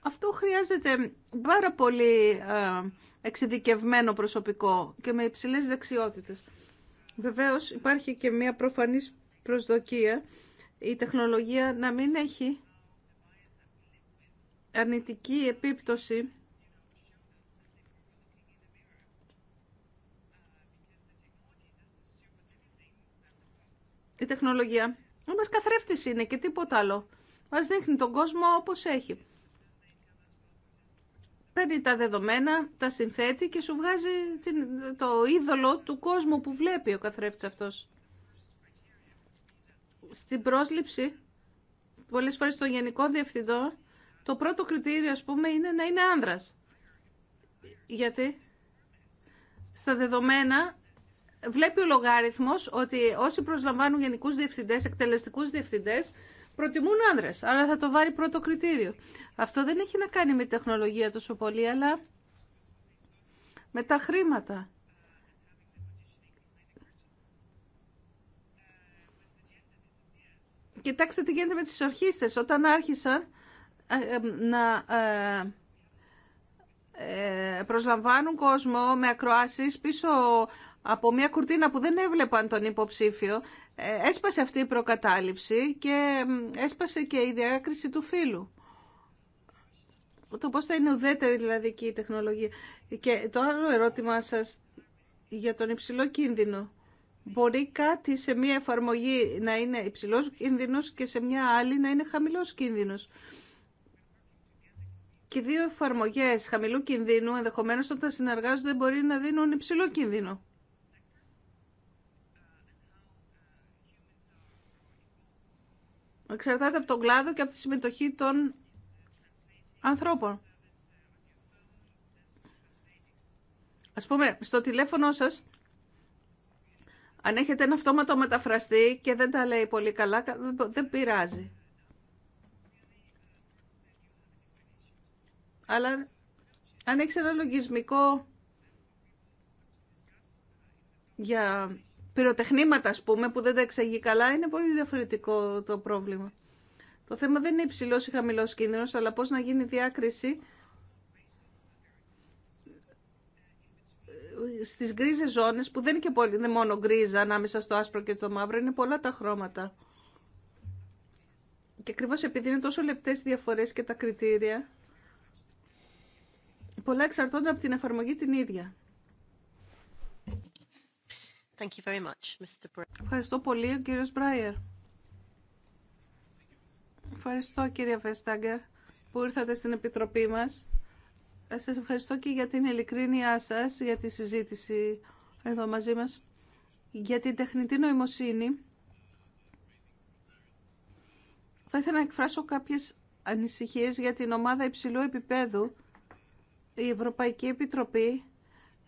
[SPEAKER 3] αυτό χρειάζεται πάρα πολύ ε, εξειδικευμένο προσωπικό και με υψηλές δεξιότητες. Βεβαίως υπάρχει και μια προφανής προσδοκία η τεχνολογία να μην έχει αρνητική επίπτωση η τεχνολογία. Ένα καθρέφτη είναι και τίποτα άλλο. Μας δείχνει τον κόσμο όπως έχει. Παίρνει τα δεδομένα, τα συνθέτει και σου βγάζει το είδωλο του κόσμου που βλέπει ο καθρέφτης αυτός. Στην πρόσληψη, πολλές φορές στο γενικό διευθυντό, το πρώτο κριτήριο, ας πούμε, είναι να είναι άνδρας. Γιατί στα δεδομένα βλέπει ο λογάριθμος ότι όσοι προσλαμβάνουν γενικού διευθυντέ, εκτελεστικούς διευθυντέ, προτιμούν άνδρες, αλλά θα το βάλει πρώτο κριτήριο. Αυτό δεν έχει να κάνει με τεχνολογία τόσο πολύ, αλλά με τα χρήματα. Κοιτάξτε τι γίνεται με τις ορχήστες. Όταν άρχισαν ε, ε, να ε, προσλαμβάνουν κόσμο με ακροάσεις πίσω από μια κουρτίνα που δεν έβλεπαν τον υποψήφιο, ε, έσπασε αυτή η προκατάληψη και έσπασε και η διάκριση του φίλου. Το πώς θα είναι ουδέτερη δηλαδή και η τεχνολογία. Και το άλλο ερώτημά σας για τον υψηλό κίνδυνο. Μπορεί κάτι σε μια εφαρμογή να είναι υψηλός κίνδυνος και σε μια άλλη να είναι χαμηλός κίνδυνος. Και δύο εφαρμογές χαμηλού κινδύνου ενδεχομένως όταν συνεργάζονται μπορεί να δίνουν υψηλό κίνδυνο. Εξαρτάται από τον κλάδο και από τη συμμετοχή των ανθρώπων. Ας πούμε, στο τηλέφωνο σας, αν έχετε ένα αυτόματο μεταφραστή και δεν τα λέει πολύ καλά, δεν πειράζει. Αλλά αν έχεις ένα λογισμικό για πυροτεχνήματα, α πούμε, που δεν τα εξαγεί καλά, είναι πολύ διαφορετικό το πρόβλημα. Το θέμα δεν είναι υψηλό ή χαμηλό κίνδυνο, αλλά πώς να γίνει διάκριση στις γκρίζε ζώνες, που δεν είναι και πολύ, μόνο γκρίζα ανάμεσα στο άσπρο και το μαύρο, είναι πολλά τα χρώματα. Και ακριβώ επειδή είναι τόσο λεπτές οι διαφορές και τα κριτήρια, πολλά εξαρτώνται από την εφαρμογή την ίδια. Ευχαριστώ πολύ, ο κύριος Μπράιερ. Ευχαριστώ, κύριε Βεστάγκερ, που ήρθατε στην Επιτροπή μας. Ε, σας ευχαριστώ και για την ειλικρίνειά σας, για τη συζήτηση εδώ μαζί μας, για την τεχνητή νοημοσύνη. Θα ήθελα να εκφράσω κάποιες ανησυχίες για την ομάδα υψηλού επίπεδου. Η Ευρωπαϊκή Επιτροπή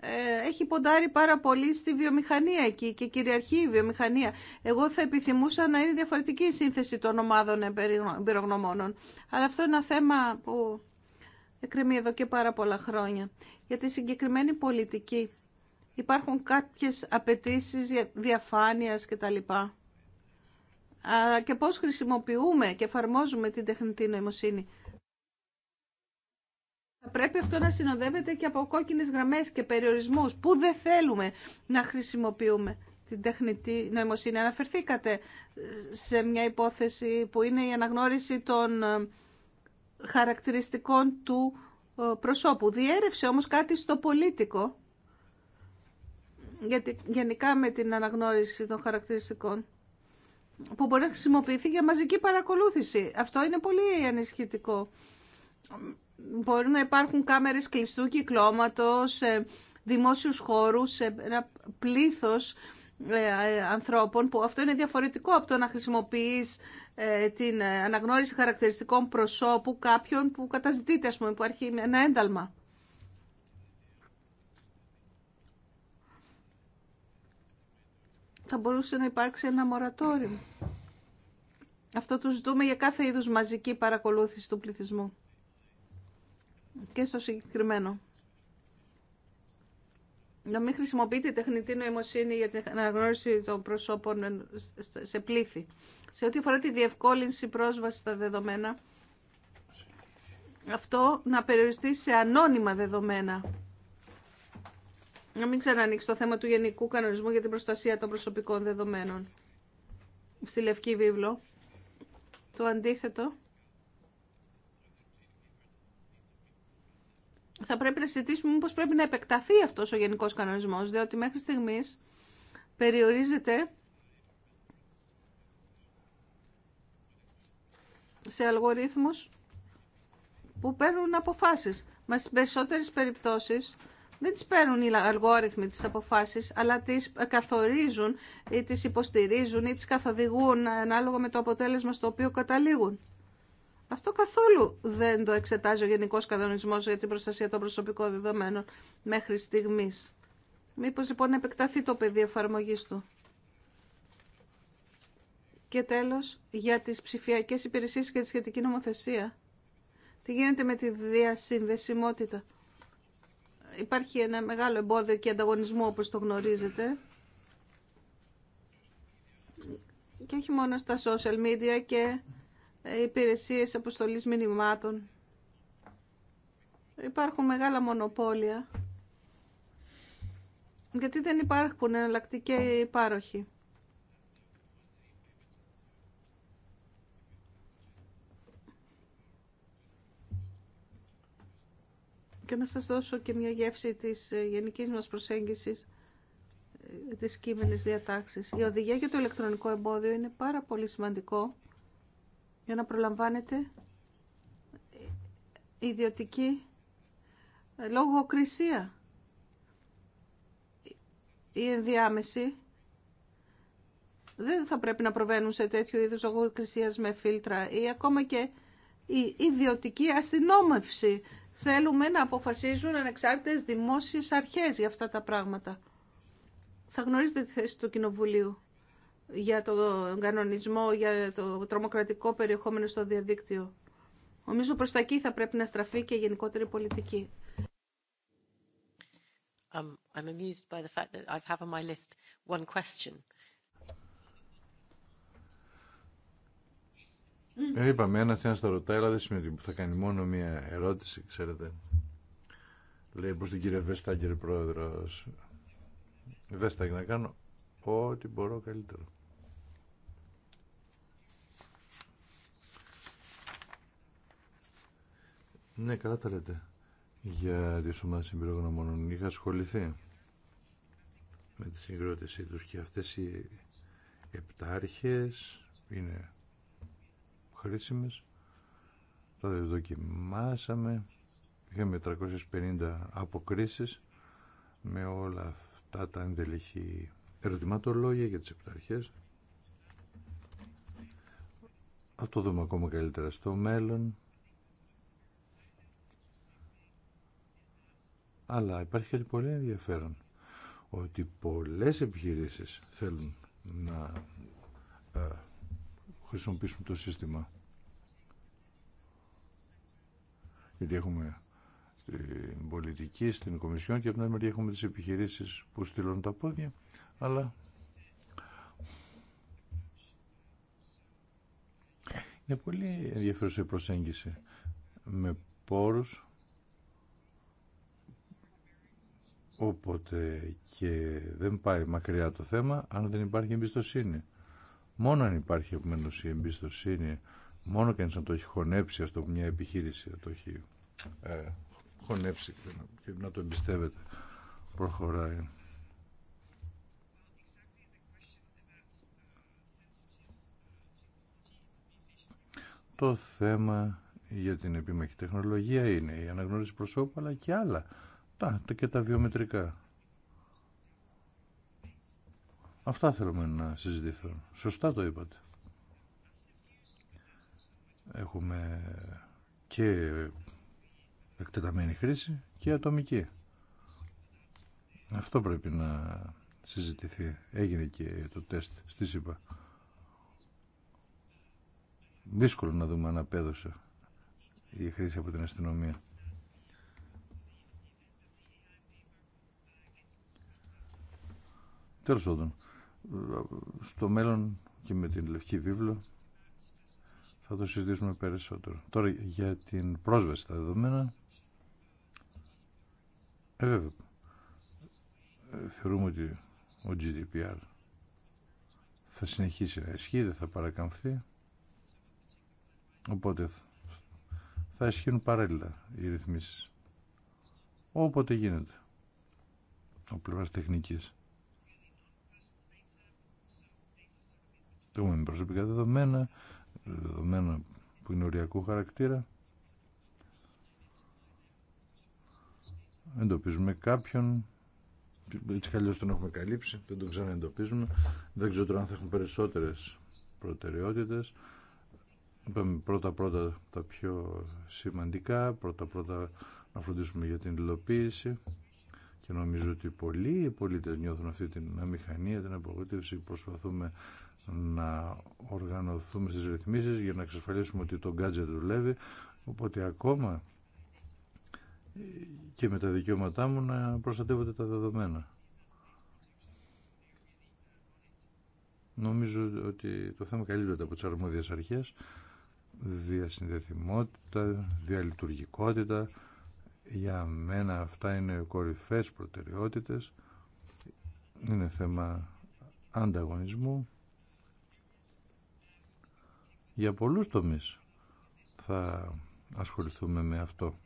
[SPEAKER 3] ε, έχει ποντάρει πάρα πολύ στη βιομηχανία εκεί και κυριαρχεί η βιομηχανία. Εγώ θα επιθυμούσα να είναι διαφορετική η σύνθεση των ομάδων εμπειρογνωμόνων. Αλλά αυτό είναι ένα θέμα που εκκρεμεί εδώ και πάρα πολλά χρόνια. Για τη συγκεκριμένη πολιτική υπάρχουν κάποιες απαιτήσει διαφάνειας κτλ. Και πώς χρησιμοποιούμε και εφαρμόζουμε την τεχνητή νοημοσύνη. Πρέπει αυτό να συνοδεύεται και από κόκκινες γραμμές και περιορισμούς που δεν θέλουμε να χρησιμοποιούμε την τεχνητή νοημοσύνη. Αναφερθήκατε ε, σε μια υπόθεση που είναι η αναγνώριση των ε, χαρακτηριστικών του ε, προσώπου. Διέρευσε όμως κάτι στο πολίτικο, γιατί γενικά με την αναγνώριση των χαρακτηριστικών, που μπορεί να χρησιμοποιηθεί για μαζική παρακολούθηση. Αυτό είναι πολύ ενισχυτικό. Μπορεί να υπάρχουν κάμερες κλειστού κυκλώματος, σε δημόσιους χώρους, ένα πλήθος ε, ανθρώπων που αυτό είναι διαφορετικό από το να χρησιμοποιείς ε, την ε, αναγνώριση χαρακτηριστικών προσώπου κάποιων που καταζητείται, ας πούμε, που ένα ένταλμα. Θα μπορούσε να υπάρξει ένα μορατόριο. Αυτό το ζητούμε για κάθε είδους μαζική παρακολούθηση του πληθυσμού και στο συγκεκριμένο. Να μην χρησιμοποιείτε τεχνητή νοημοσύνη για την αναγνώριση των προσώπων σε πλήθη. Σε ό,τι αφορά τη διευκόλυνση πρόσβαση στα δεδομένα, αυτό να περιοριστεί σε ανώνυμα δεδομένα. Να μην ξανανοίξει το θέμα του Γενικού Κανονισμού για την Προστασία των Προσωπικών Δεδομένων. Στη Λευκή Βίβλο. Το αντίθετο θα πρέπει να συζητήσουμε πώς πρέπει να επεκταθεί αυτός ο γενικός κανονισμός, διότι μέχρι στιγμής περιορίζεται σε αλγορίθμους που παίρνουν αποφάσεις. Μα στις περισσότερες περιπτώσεις δεν τις παίρνουν οι αλγόριθμοι τις αποφάσεις, αλλά τις καθορίζουν ή τις υποστηρίζουν ή τις καθοδηγούν ανάλογα με το αποτέλεσμα στο οποίο καταλήγουν. Αυτό καθόλου δεν το εξετάζει ο Γενικό Κανονισμό για την προστασία των προσωπικών δεδομένων μέχρι στιγμή. Μήπω λοιπόν επεκταθεί το πεδίο εφαρμογή του. Και τέλο, για τι ψηφιακέ υπηρεσίε και τη σχετική νομοθεσία. Τι γίνεται με τη διασυνδεσιμότητα. Υπάρχει ένα μεγάλο εμπόδιο και ανταγωνισμό όπως το γνωρίζετε. Και όχι μόνο στα social media και υπηρεσίες αποστολής μηνυμάτων. Υπάρχουν μεγάλα μονοπόλια. Γιατί δεν υπάρχουν εναλλακτικοί πάροχοι. Και να σας δώσω και μια γεύση της γενικής μας προσέγγισης ε, της κείμενης διατάξης. Η οδηγία για το ηλεκτρονικό εμπόδιο είναι πάρα πολύ σημαντικό για να προλαμβάνετε ιδιωτική λογοκρισία ή ενδιάμεση δεν θα πρέπει να προβαίνουν σε τέτοιου είδους λογοκρισίας με φίλτρα ή ακόμα και η ιδιωτική αστυνόμευση. Θέλουμε να αποφασίζουν ανεξάρτητες δημόσιες αρχές για αυτά τα πράγματα. Θα γνωρίζετε τη θέση του Κοινοβουλίου για τον κανονισμό, για το τρομοκρατικό περιεχόμενο στο διαδίκτυο. Νομίζω προς τα εκεί θα πρέπει να στραφεί και η γενικότερη πολιτική.
[SPEAKER 1] Um, I'm
[SPEAKER 2] είπαμε, ένας θέμα ρωτάει, αλλά δεν σημαίνει ότι θα κάνει μόνο μία ερώτηση, ξέρετε. Λέει πως την κυρία Βεστάγκερ πρόεδρος. Βεστάγκερ να κάνω ό,τι μπορώ καλύτερο. Ναι, καλά τα λέτε. Για τις ομάδες εμπειρογνωμόνων είχα ασχοληθεί με τη συγκρότησή τους και αυτές οι επτάρχες είναι χρήσιμες. Τα δοκιμάσαμε. Είχαμε 350 αποκρίσεις με όλα αυτά τα ενδελεχή ερωτηματολόγια για τις επτάρχες. Αυτό δούμε ακόμα καλύτερα στο μέλλον. Αλλά υπάρχει κάτι πολύ ενδιαφέρον ότι πολλές επιχειρήσεις θέλουν να ε, χρησιμοποιήσουν το σύστημα. Γιατί έχουμε την πολιτική, στην Κομισιόν και από την άλλη έχουμε τις επιχειρήσεις που στείλουν τα πόδια, αλλά είναι πολύ ενδιαφέρουσα η προσέγγιση με πόρους Όποτε και δεν πάει μακριά το θέμα αν δεν υπάρχει εμπιστοσύνη. Μόνο αν υπάρχει επομένω η εμπιστοσύνη, μόνο κανεί αν το έχει χωνέψει, αυτό το μια επιχείρηση το έχει ε, χωνέψει και να το εμπιστεύεται. Προχωράει. Το θέμα για την επίμαχη τεχνολογία είναι η αναγνώριση προσώπου αλλά και άλλα τα, και τα βιομετρικά. Αυτά θέλουμε να συζητηθούν. Σωστά το είπατε. Έχουμε και εκτεταμένη χρήση και ατομική. Αυτό πρέπει να συζητηθεί. Έγινε και το τεστ στη ΣΥΠΑ. Δύσκολο να δούμε αν απέδωσε η χρήση από την αστυνομία. Τέλο πάντων, στο μέλλον και με την Λευκή Βίβλο θα το συζητήσουμε περισσότερο. Τώρα για την πρόσβαση στα δεδομένα. Ε, βέβαια. Ε, θεωρούμε ότι ο GDPR θα συνεχίσει να ισχύει, δεν θα παρακαμφθεί. Οπότε θα ισχύουν παράλληλα οι ρυθμίσεις. Όποτε γίνεται. Ο πλευράς τεχνικής. έχουμε προσωπικά δεδομένα, δεδομένα που είναι οριακού χαρακτήρα. Εντοπίζουμε κάποιον, έτσι κι τον έχουμε καλύψει, δεν τον ξαναεντοπίζουμε. Δεν ξέρω τώρα αν θα έχουν περισσότερες προτεραιότητες. Είπαμε πρώτα-πρώτα τα πιο σημαντικά, πρώτα-πρώτα να φροντίσουμε για την υλοποίηση και νομίζω ότι πολλοί οι πολίτες νιώθουν αυτή την αμηχανία, την απογοήτευση, προσπαθούμε να οργανωθούμε στις ρυθμίσεις για να εξασφαλίσουμε ότι το gadget δουλεύει οπότε ακόμα και με τα δικαιώματά μου να προστατεύονται τα δεδομένα. Νομίζω ότι το θέμα καλύπτεται από τις αρμόδιες αρχές διασυνδεθιμότητα, διαλειτουργικότητα για μένα αυτά είναι κορυφές προτεραιότητες είναι θέμα ανταγωνισμού για πολλούς τομείς θα ασχοληθούμε με αυτό.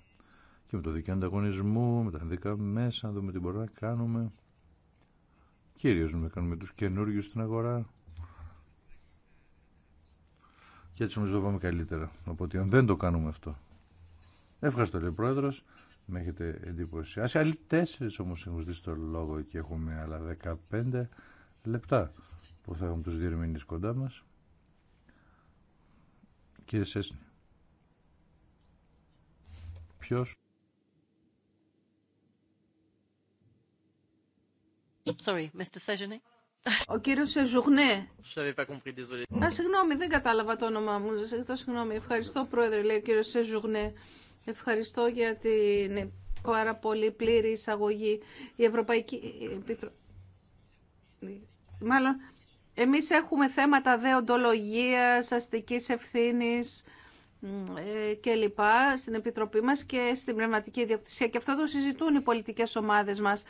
[SPEAKER 2] Και με το δίκαιο ανταγωνισμού, με τα δικά μέσα, να δούμε τι μπορούμε να κάνουμε. Κυρίως να κάνουμε τους καινούργιους στην αγορά. Και έτσι όμως το πάμε καλύτερα. Οπότε αν δεν το κάνουμε αυτό. Ευχαριστώ λέει πρόεδρος. Με έχετε εντυπωσιάσει. Άλλοι τέσσερις όμως έχουν δει στο λόγο και έχουμε άλλα 15 λεπτά που θα έχουμε τους διερμηνείς κοντά μας. Κύριε Σέσνη. Ποιος?
[SPEAKER 1] Sorry, Mr.
[SPEAKER 3] Sejourné. Ο κύριο Σεζουγνέ. Α, συγγνώμη, δεν κατάλαβα το όνομά μου. Ζητώ συγγνώμη. Ευχαριστώ, Πρόεδρε, λέει ο κύριο Σεζουγνέ. Ευχαριστώ για την πάρα πολύ πλήρη εισαγωγή. Η Ευρωπαϊκή Μάλλον, εμείς έχουμε θέματα δεοντολογίας, αστικής ευθύνης ε, και λοιπά στην Επιτροπή μας και στην πνευματική ιδιοκτησία και αυτό το συζητούν οι πολιτικές ομάδες μας.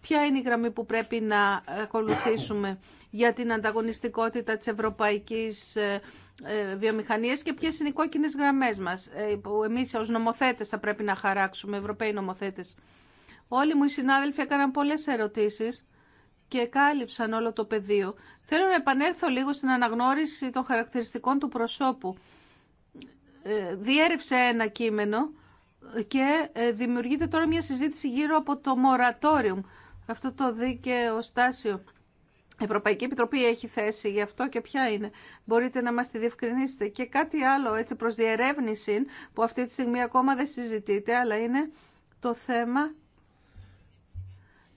[SPEAKER 3] Ποια είναι η γραμμή που πρέπει να ακολουθήσουμε για την ανταγωνιστικότητα της ευρωπαϊκής ε, ε, βιομηχανίας και ποιες είναι οι κόκκινες γραμμές μας που εμείς ως νομοθέτες θα πρέπει να χαράξουμε, ευρωπαίοι νομοθέτες. Όλοι μου οι συνάδελφοι έκαναν πολλές ερωτήσεις και κάλυψαν όλο το πεδίο. Θέλω να επανέλθω λίγο στην αναγνώριση των χαρακτηριστικών του προσώπου. Ε, διέρευσε ένα κείμενο και ε, δημιουργείται τώρα μια συζήτηση γύρω από το moratorium. Αυτό το δίκαιο στάσιο. Η Ευρωπαϊκή Επιτροπή έχει θέση γι' αυτό και ποια είναι. Μπορείτε να μας τη διευκρινίσετε. Και κάτι άλλο έτσι προς διερεύνηση που αυτή τη στιγμή ακόμα δεν συζητείτε, αλλά είναι το θέμα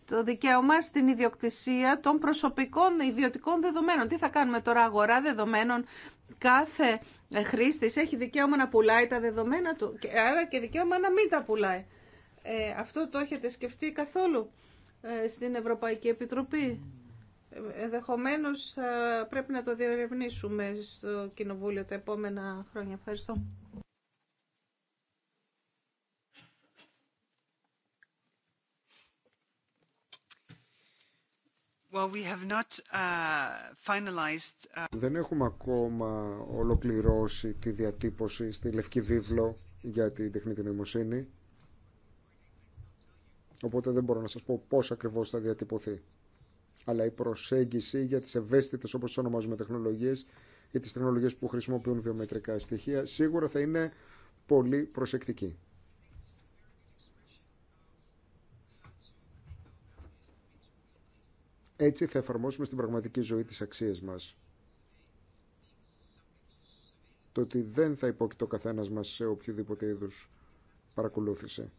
[SPEAKER 3] το δικαίωμα στην ιδιοκτησία των προσωπικών ιδιωτικών δεδομένων. Τι θα κάνουμε τώρα, αγορά δεδομένων. Κάθε χρήστη έχει δικαίωμα να πουλάει τα δεδομένα του, άρα και δικαίωμα να μην τα πουλάει. Ε, αυτό το έχετε σκεφτεί καθόλου ε, στην Ευρωπαϊκή Επιτροπή. Ε, Ενδεχομένω πρέπει να το διερευνήσουμε στο Κοινοβούλιο τα επόμενα χρόνια. Ευχαριστώ.
[SPEAKER 1] Uh, uh,
[SPEAKER 4] δεν έχουμε ακόμα ολοκληρώσει τη διατύπωση στη Λευκή Βίβλο για την τεχνητή νοημοσύνη. Οπότε δεν μπορώ να σας πω πώς ακριβώς θα διατυπωθεί. Αλλά η προσέγγιση για τις ευαίσθητες όπως τις ονομάζουμε τεχνολογίες ή τις τεχνολογίες που χρησιμοποιούν βιομετρικά στοιχεία σίγουρα θα είναι πολύ προσεκτική. Έτσι θα εφαρμόσουμε στην πραγματική ζωή τις αξίες μας. Το ότι δεν θα υπόκειται ο καθένας μας σε οποιοδήποτε είδους παρακολούθηση.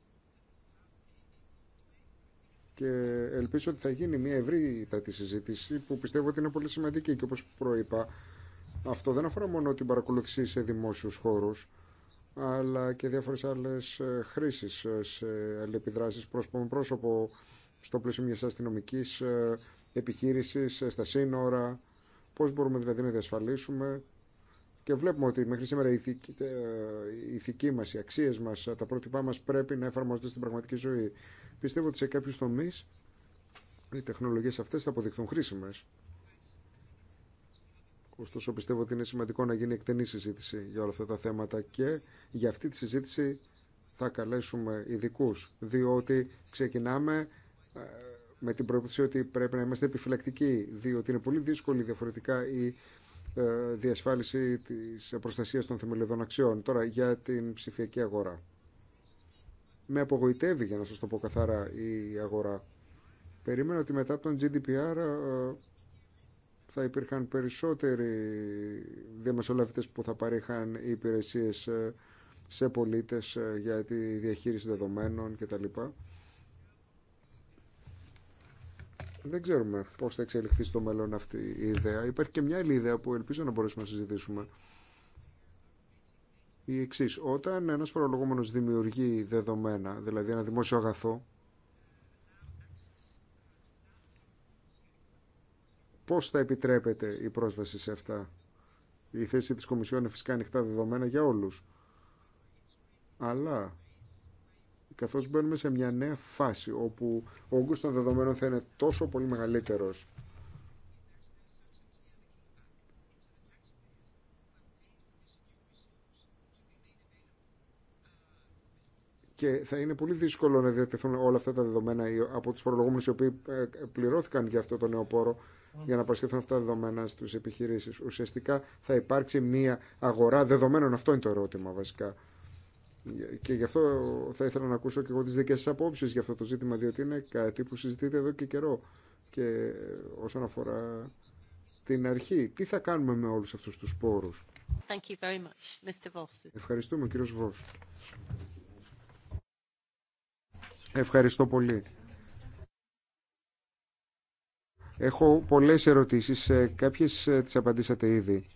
[SPEAKER 4] Και ελπίζω ότι θα γίνει μια ευρύτατη συζήτηση που πιστεύω ότι είναι πολύ σημαντική και όπως προείπα αυτό δεν αφορά μόνο την παρακολουθήση σε δημόσιους χώρους αλλά και διάφορες άλλες ε, χρήσεις ε, σε αλληλεπιδράσεις πρόσωπο με πρόσωπο στο πλαίσιο μιας αστυνομικής ε, Επιχείρηση ε, στα σύνορα, πώς μπορούμε δηλαδή να διασφαλίσουμε και βλέπουμε ότι μέχρι σήμερα η ηθική, μα, ε, μας, οι αξίες μας, ε, τα πρότυπά μας πρέπει να εφαρμόζονται στην πραγματική ζωή. Πιστεύω ότι σε κάποιους τομείς οι τεχνολογίες αυτές θα αποδειχθούν χρήσιμες. Ωστόσο πιστεύω ότι είναι σημαντικό να γίνει εκτενή συζήτηση για όλα αυτά τα θέματα και για αυτή τη συζήτηση θα καλέσουμε ειδικού, διότι ξεκινάμε με την πρόποθεση ότι πρέπει να είμαστε επιφυλακτικοί, διότι είναι πολύ δύσκολη διαφορετικά η ε, διασφάλιση της προστασίας των θεμελιωδών αξιών. Τώρα για την ψηφιακή αγορά. Με απογοητεύει, για να σας το πω καθαρά, η αγορά. Περίμενα ότι μετά από τον GDPR ε, θα υπήρχαν περισσότεροι διαμεσολαβητές που θα παρέχαν οι υπηρεσίες ε, σε πολίτες για τη διαχείριση δεδομένων κτλ. Δεν ξέρουμε πώ θα εξελιχθεί στο μέλλον αυτή η ιδέα. Υπάρχει και μια άλλη ιδέα που ελπίζω να μπορέσουμε να συζητήσουμε. Η εξή. Όταν ένα φορολογούμενο δημιουργεί δεδομένα, δηλαδή ένα δημόσιο αγαθό, πώ θα επιτρέπεται η πρόσβαση σε αυτά. Η θέση τη Κομισιόν είναι φυσικά ανοιχτά δεδομένα για όλου. Αλλά καθώς μπαίνουμε σε μια νέα φάση όπου ο όγκος των δεδομένων θα είναι τόσο πολύ μεγαλύτερος και θα είναι πολύ δύσκολο να διατεθούν όλα αυτά τα δεδομένα από τους φορολογούμενους οι οποίοι ε, πληρώθηκαν για αυτό το νέο πόρο για να παρασχεθούν αυτά τα δεδομένα στους επιχειρήσεις. Ουσιαστικά θα υπάρξει μία αγορά δεδομένων. Αυτό είναι το ερώτημα βασικά. Και γι' αυτό θα ήθελα να ακούσω και εγώ τις δικές σας απόψεις για αυτό το ζήτημα, διότι είναι κάτι που συζητείτε εδώ και καιρό. Και όσον αφορά την αρχή, τι θα κάνουμε με όλους αυτούς τους πόρους. Ευχαριστούμε, κύριο Βό. Ευχαριστώ πολύ. Έχω πολλές ερωτήσεις, κάποιες ε, τις απαντήσατε ήδη.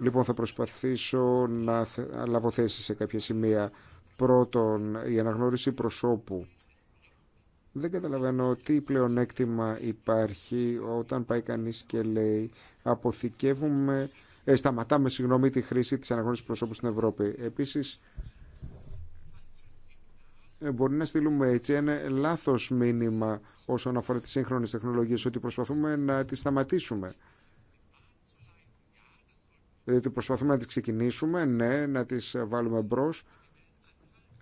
[SPEAKER 4] Λοιπόν, θα προσπαθήσω να λάβω θέση σε κάποια σημεία. Πρώτον, η αναγνώριση προσώπου. Δεν καταλαβαίνω τι πλεονέκτημα υπάρχει όταν πάει κανείς και λέει αποθηκεύουμε, ε, σταματάμε συγγνώμη τη χρήση της αναγνώρισης προσώπου στην Ευρώπη. Επίσης, ε, μπορεί να στείλουμε έτσι ένα λάθος μήνυμα όσον αφορά τις σύγχρονες τεχνολογίες ότι προσπαθούμε να τις σταματήσουμε διότι προσπαθούμε να τις ξεκινήσουμε, ναι, να τις βάλουμε μπρο,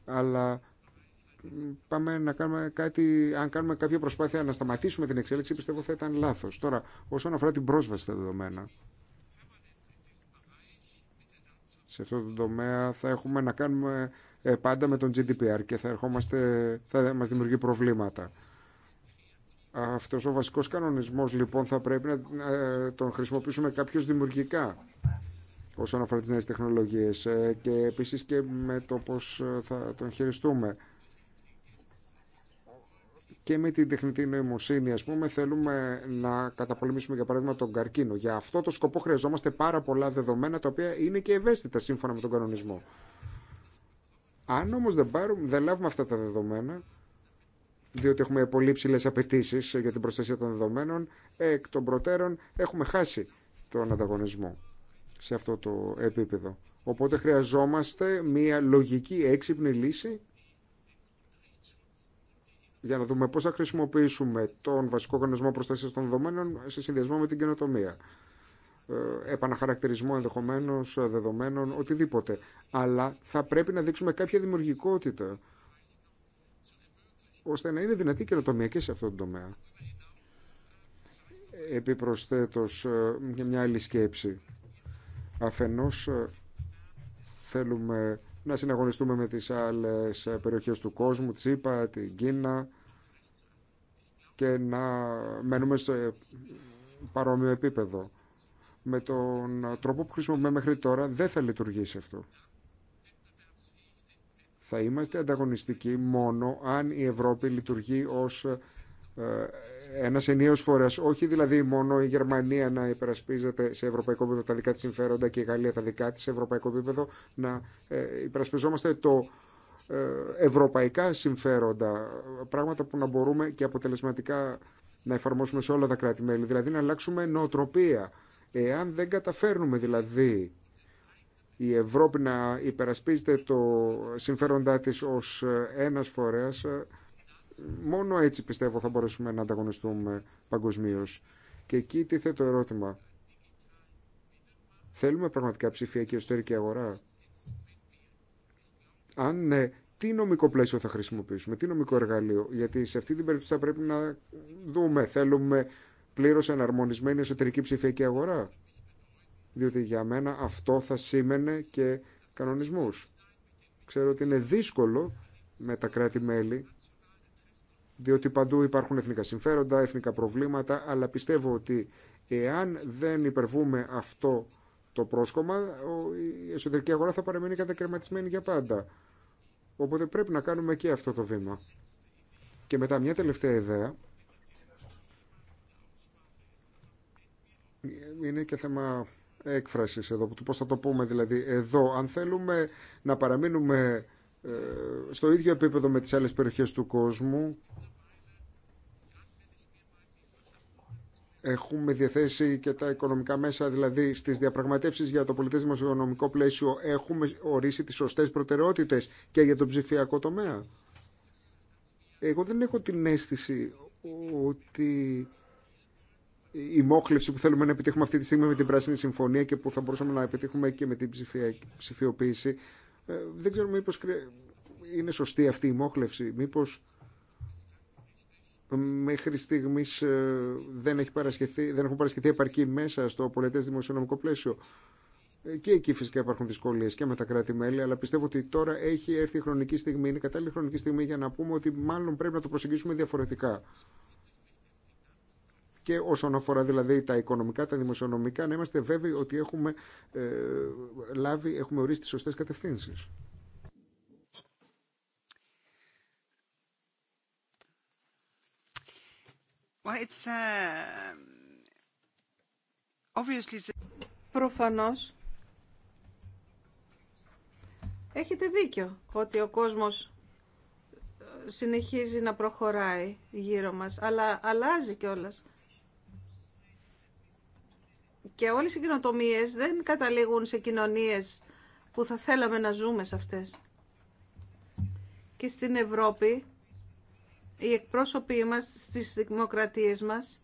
[SPEAKER 4] αλλά πάμε να κάνουμε κάτι, αν κάνουμε κάποια προσπάθεια να σταματήσουμε την εξέλιξη, πιστεύω θα ήταν λάθος. Τώρα, όσον αφορά την πρόσβαση στα δεδομένα, σε αυτό το τομέα θα έχουμε να κάνουμε ε, πάντα με τον GDPR και θα, ερχόμαστε, θα μας δημιουργεί προβλήματα. Αυτός ο βασικός κανονισμός λοιπόν θα πρέπει να ε, τον χρησιμοποιήσουμε κάποιος δημιουργικά όσον αφορά τις νέες τεχνολογίες ε, και επίσης και με το πώς ε, θα τον χειριστούμε. Και με την τεχνητή νοημοσύνη, ας πούμε, θέλουμε να καταπολεμήσουμε, για παράδειγμα, τον καρκίνο. Για αυτό το σκοπό χρειαζόμαστε πάρα πολλά δεδομένα, τα οποία είναι και ευαίσθητα σύμφωνα με τον κανονισμό. Αν όμως δεν, πάρουμε, δεν λάβουμε αυτά τα δεδομένα, διότι έχουμε πολύ ψηλέ απαιτήσει για την προστασία των δεδομένων, εκ των προτέρων έχουμε χάσει τον ανταγωνισμό σε αυτό το επίπεδο. Οπότε χρειαζόμαστε μια λογική έξυπνη λύση για να δούμε πώς θα χρησιμοποιήσουμε τον βασικό κανονισμό προστασίας των δεδομένων σε συνδυασμό με την καινοτομία. Ε, επαναχαρακτηρισμό ενδεχομένως ε, δεδομένων, οτιδήποτε. Αλλά θα πρέπει να δείξουμε κάποια δημιουργικότητα ώστε να είναι δυνατή καινοτομία και σε αυτόν τον τομέα. Επιπροσθέτως, ε, μια άλλη σκέψη Αφενός ε, θέλουμε να συναγωνιστούμε με τις άλλες ε, περιοχές του κόσμου, Τσίπα, την Κίνα και να μένουμε στο ε, παρόμοιο επίπεδο. Με τον τρόπο που χρησιμοποιούμε μέχρι τώρα δεν θα λειτουργήσει αυτό. Θα είμαστε ανταγωνιστικοί μόνο αν η Ευρώπη λειτουργεί ως ε, ένα ενίος φορέας. όχι δηλαδή μόνο η Γερμανία να υπερασπίζεται σε ευρωπαϊκό επίπεδο τα δικά της συμφέροντα και η Γαλλία τα δικά της σε ευρωπαϊκό επίπεδο, να ε, υπερασπιζόμαστε το ε, ευρωπαϊκά συμφέροντα, πράγματα που να μπορούμε και αποτελεσματικά να εφαρμόσουμε σε όλα τα κράτη-μέλη, δηλαδή να αλλάξουμε νοοτροπία. Εάν δεν καταφέρνουμε δηλαδή η Ευρώπη να υπερασπίζεται το συμφέροντά της ως ένας φορέας, μόνο έτσι πιστεύω θα μπορέσουμε να ανταγωνιστούμε παγκοσμίω. Και εκεί τίθε το ερώτημα. Θέλουμε πραγματικά ψηφιακή εσωτερική αγορά. Αν ναι, τι νομικό πλαίσιο θα χρησιμοποιήσουμε, τι νομικό εργαλείο. Γιατί σε αυτή την περίπτωση θα πρέπει να δούμε, θέλουμε πλήρω εναρμονισμένη εσωτερική ψηφιακή αγορά. Διότι για μένα αυτό θα σήμαινε και κανονισμούς. Ξέρω ότι είναι δύσκολο με τα κράτη-μέλη διότι παντού υπάρχουν εθνικά συμφέροντα, εθνικά προβλήματα, αλλά πιστεύω ότι εάν δεν υπερβούμε αυτό το πρόσκομα, η εσωτερική αγορά θα παραμείνει κατακρεματισμένη για πάντα. Οπότε πρέπει να κάνουμε και αυτό το βήμα. Και μετά μια τελευταία ιδέα. Είναι και θέμα έκφρασης εδώ, του πώς θα το πούμε δηλαδή. Εδώ, αν θέλουμε να παραμείνουμε ε, στο ίδιο επίπεδο με τις άλλες περιοχές του κόσμου, έχουμε διαθέσει και τα οικονομικά μέσα, δηλαδή στις διαπραγματεύσεις για το πολιτισμό-οικονομικό πλαίσιο έχουμε ορίσει τις σωστές προτεραιότητες και για τον ψηφιακό τομέα. Εγώ δεν έχω την αίσθηση ότι η μόχλευση που θέλουμε να επιτύχουμε αυτή τη στιγμή με την Πράσινη Συμφωνία και που θα μπορούσαμε να επιτύχουμε και με την ψηφιοποίηση, ε, δεν ξέρω μήπως είναι σωστή αυτή η μόχλευση, μήπως μέχρι στιγμή ε, δεν, δεν έχουν παρασχεθεί επαρκή μέσα στο πολιτέ δημοσιονομικό πλαίσιο. Ε, και εκεί φυσικά υπάρχουν δυσκολίε και με τα κράτη-μέλη, αλλά πιστεύω ότι τώρα έχει έρθει η χρονική στιγμή, είναι η κατάλληλη χρονική στιγμή για να πούμε ότι μάλλον πρέπει να το προσεγγίσουμε διαφορετικά. Και όσον αφορά δηλαδή τα οικονομικά, τα δημοσιονομικά, να είμαστε βέβαιοι ότι έχουμε ε, λάβει, έχουμε ορίσει τι σωστέ κατευθύνσει.
[SPEAKER 3] Um, έχετε δίκιο ότι ο κόσμος ε, συνεχίζει να προχωράει γύρω μας, αλλά αλλάζει κιόλας. Και όλες οι κοινοτομίε δεν καταλήγουν σε κοινωνίες που θα θέλαμε να ζούμε σε αυτές. Και στην Ευρώπη οι εκπρόσωποι μας στις δημοκρατίες μας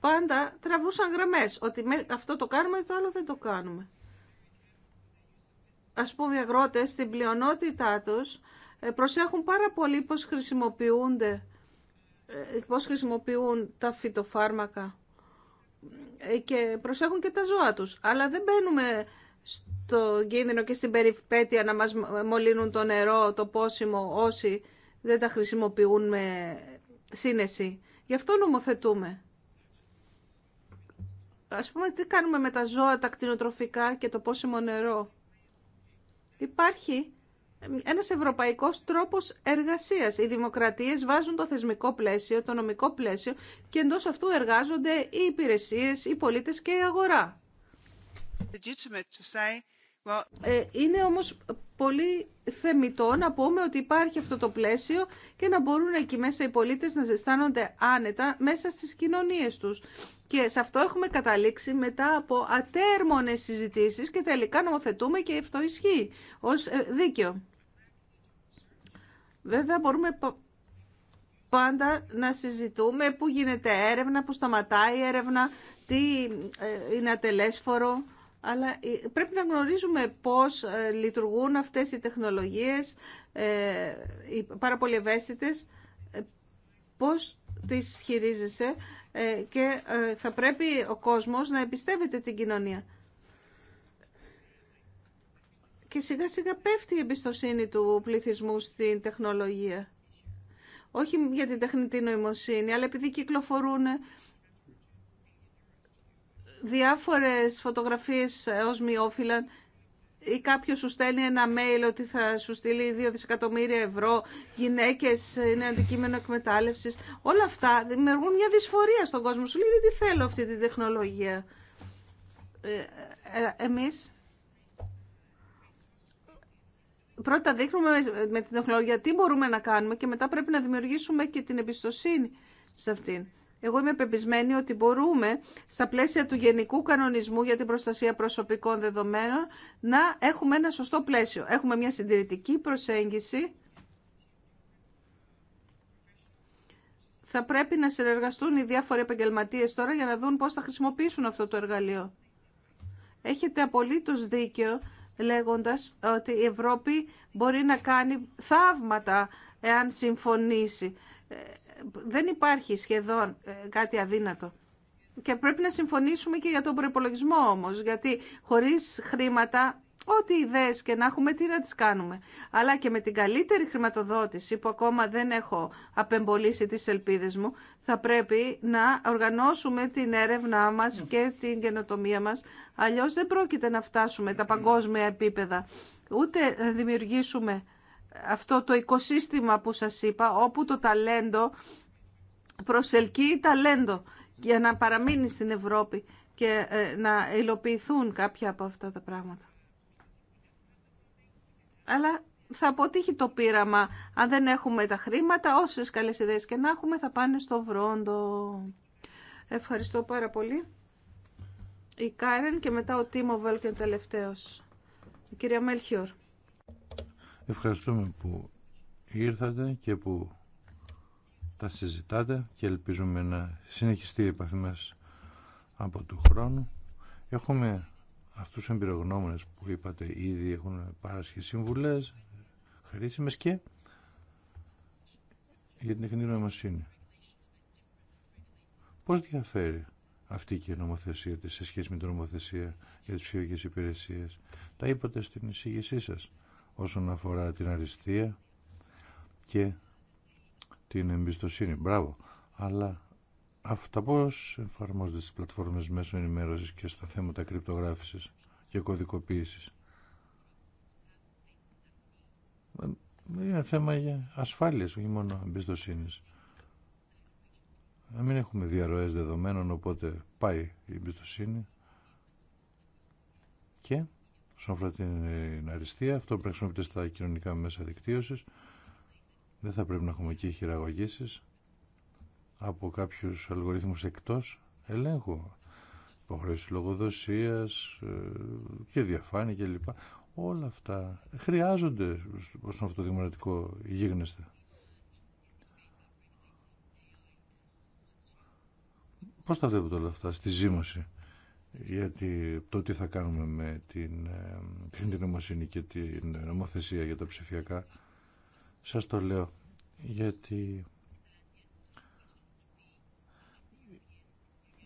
[SPEAKER 3] πάντα τραβούσαν γραμμές ότι αυτό το κάνουμε το άλλο δεν το κάνουμε. Ας πούμε οι αγρότες στην πλειονότητά τους ε, προσέχουν πάρα πολύ πώς χρησιμοποιούνται ε, πώς χρησιμοποιούν τα φυτοφάρμακα ε, και προσέχουν και τα ζώα τους. Αλλά δεν μπαίνουμε στο κίνδυνο και στην περιπέτεια να μας μολύνουν το νερό, το πόσιμο όσοι δεν τα χρησιμοποιούν με σύνεση. Γι' αυτό νομοθετούμε. Ας πούμε τι κάνουμε με τα ζώα, τα κτηνοτροφικά και το πόσιμο νερό. Υπάρχει ένας ευρωπαϊκός τρόπος εργασίας. Οι δημοκρατίες βάζουν το θεσμικό πλαίσιο, το νομικό πλαίσιο και εντός αυτού εργάζονται οι υπηρεσίες, οι πολίτες και η αγορά. Ε, είναι όμως πολύ θεμητό να πούμε ότι υπάρχει αυτό το πλαίσιο και να μπορούν εκεί μέσα οι πολίτες να ζεστάνονται άνετα μέσα στις κοινωνίες τους. Και σε αυτό έχουμε καταλήξει μετά από ατέρμονες συζητήσεις και τελικά νομοθετούμε και αυτό ισχύει ως ε, δίκαιο. Βέβαια μπορούμε πάντα να συζητούμε πού γίνεται έρευνα, πού σταματάει η έρευνα, τι ε, είναι ατελέσφορο αλλά ε, πρέπει να γνωρίζουμε πώς ε, λειτουργούν αυτές οι τεχνολογίες, ε, οι πάρα πολύ ευαίσθητες, πώς τις χειρίζεσαι και θα πρέπει ο κόσμος να εμπιστεύεται την κοινωνία. Και σιγά σιγά πέφτει η εμπιστοσύνη του πληθυσμού στην τεχνολογία. Όχι για την τεχνητή νοημοσύνη, αλλά επειδή κυκλοφορούν διάφορες φωτογραφίες ως μειόφυλαν ή κάποιο σου στέλνει ένα mail ότι θα σου στείλει 2 δισεκατομμύρια ευρώ, γυναίκε είναι αντικείμενο εκμετάλλευση. Όλα αυτά δημιουργούν μια δυσφορία στον κόσμο. Σου λέει δεν θέλω αυτή τη τεχνολογία. Ε, ε, εμείς πρώτα δείχνουμε με την τεχνολογία τι μπορούμε να κάνουμε και μετά πρέπει να δημιουργήσουμε και την εμπιστοσύνη σε αυτήν. Εγώ είμαι πεπισμένη ότι μπορούμε στα πλαίσια του Γενικού Κανονισμού για την Προστασία Προσωπικών Δεδομένων να έχουμε ένα σωστό πλαίσιο. Έχουμε μια συντηρητική προσέγγιση. Θα πρέπει να συνεργαστούν οι διάφοροι επαγγελματίε τώρα για να δουν πώς θα χρησιμοποιήσουν αυτό το εργαλείο. Έχετε απολύτως δίκιο λέγοντας ότι η Ευρώπη μπορεί να κάνει θαύματα εάν συμφωνήσει ε, δεν υπάρχει σχεδόν ε, κάτι αδύνατο. Και πρέπει να συμφωνήσουμε και για τον προπολογισμό όμως, γιατί χωρίς χρήματα ό,τι ιδέες και να έχουμε, τι να τις κάνουμε. Αλλά και με την καλύτερη χρηματοδότηση, που ακόμα δεν έχω απεμπολίσει τις ελπίδες μου, θα πρέπει να οργανώσουμε την έρευνά μας και την καινοτομία μας. Αλλιώς δεν πρόκειται να φτάσουμε τα παγκόσμια επίπεδα, ούτε να δημιουργήσουμε αυτό το οικοσύστημα που σας είπα, όπου το ταλέντο προσελκύει ταλέντο για να παραμείνει στην Ευρώπη και ε, να υλοποιηθούν κάποια από αυτά τα πράγματα. Αλλά θα αποτύχει το πείραμα. Αν δεν έχουμε τα χρήματα, όσες καλές ιδέες και να έχουμε, θα πάνε στο βρόντο. Ευχαριστώ πάρα πολύ. Η Κάρεν και μετά ο Τίμο Βέλκεν τελευταίος. Η κυρία Μέλχιορ.
[SPEAKER 2] Ευχαριστούμε που ήρθατε και που τα συζητάτε και ελπίζουμε να συνεχιστεί η επαφή μας από του χρόνου. Έχουμε αυτούς τους εμπειρογνώμονες που είπατε ήδη έχουν παράσχει συμβουλές χρήσιμες και για την τεχνητή νοημοσύνη. Πώς διαφέρει αυτή και η νομοθεσία της σε σχέση με την νομοθεσία για τις ψηφιακές υπηρεσίες. Τα είπατε στην εισήγησή σας όσον αφορά την αριστεία και την εμπιστοσύνη. Μπράβο. Αλλά αυτά πώς εφαρμόζονται στις πλατφόρμες μέσω ενημέρωσης και στα θέματα κρυπτογράφησης και κωδικοποίησης. Είναι θέμα για ασφάλειες, όχι μόνο εμπιστοσύνης. Να μην έχουμε διαρροές δεδομένων, οπότε πάει η εμπιστοσύνη. Και όσον αφορά ε, την αριστεία. Αυτό πρέπει να χρησιμοποιείται στα κοινωνικά μέσα δικτύωση. Δεν θα πρέπει να έχουμε εκεί χειραγωγήσει από κάποιου αλγορίθμου εκτό ελέγχου. Υποχρέωση λογοδοσία ε, και διαφάνεια κλπ. Όλα αυτά χρειάζονται όσον αυτό το γίγνεσθε. Πώς τα βλέπετε όλα αυτά στη ζήμωση γιατί το τι θα κάνουμε με την ε, την νομοσύνη και την νομοθεσία για τα ψηφιακά σας το λέω γιατί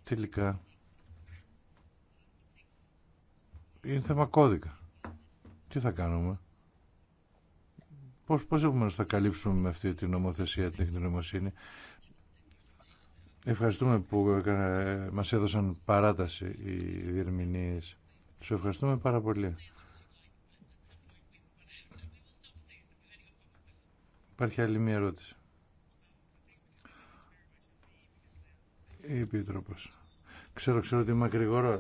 [SPEAKER 2] τελικά είναι θέμα κώδικα τι θα κάνουμε πώς, πώς έχουμε να καλύψουμε με αυτή την νομοθεσία την τεχνητή νομοσύνη Ευχαριστούμε που μας έδωσαν παράταση οι διερμηνείς. Σου ευχαριστούμε πάρα πολύ. Υπάρχει άλλη μία ερώτηση. Η Επίτροπος. Ξέρω, ξέρω ότι μακρηγορώ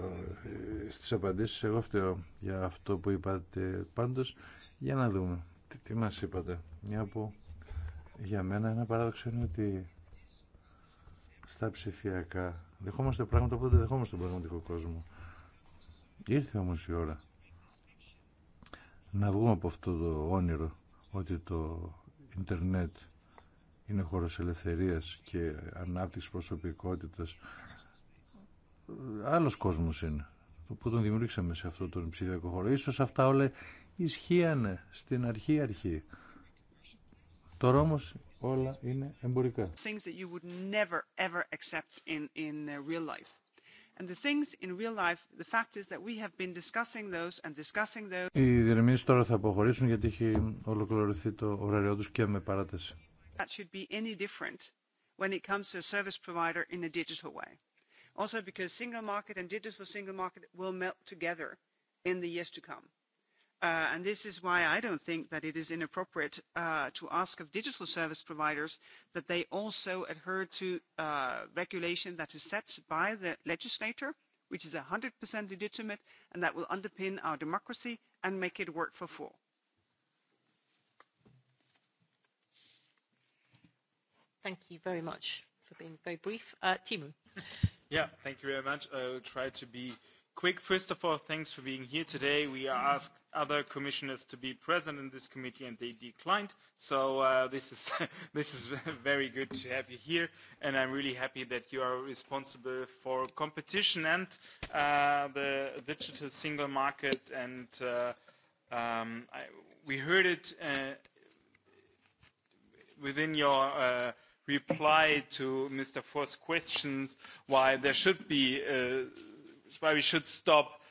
[SPEAKER 2] ε, στις απαντήσεις. Εγώ φταίω για αυτό που είπατε πάντως. Για να δούμε. Τι, τι μας είπατε. Μια που για μένα ένα παράδοξο είναι ότι στα ψηφιακά. Δεχόμαστε πράγματα που δεν δεχόμαστε στον πραγματικό κόσμο. Ήρθε όμω η ώρα να βγούμε από αυτό το όνειρο ότι το ίντερνετ είναι χώρος ελευθερίας και ανάπτυξης προσωπικότητας. Άλλος κόσμος είναι που τον δημιουργήσαμε σε αυτό τον ψηφιακό χώρο. Ίσως αυτά όλα ισχύανε στην αρχή-αρχή. Τώρα όμω όλα είναι εμπορικά.
[SPEAKER 1] Things that you would never ever accept in, in real life. And the things in real life, the fact is that we have been discussing those and discussing those. Οι
[SPEAKER 2] διερμηνείς τώρα θα αποχωρήσουν γιατί έχει ολοκληρωθεί το ωράριό τους και με παράταση.
[SPEAKER 1] That should be any different when it comes to a service provider in a digital way. Also because single market and digital single market will melt together in the years to come and this is why i don't think that it is inappropriate to ask of digital service providers that they also adhere to regulation that is set by the legislator which is 100% legitimate and that will underpin our democracy and make it work for full. Thank you very much for being very brief. Timo.
[SPEAKER 5] Yeah, thank you very much. I will try to be quick. First of all, thanks for being here today. We are asked other commissioners to be present in this committee and they declined. So this is this is very good to have you here and I'm really happy that you are responsible for competition and the digital single market and we heard it within your reply to Mr. Fos's questions why there should be why we should stop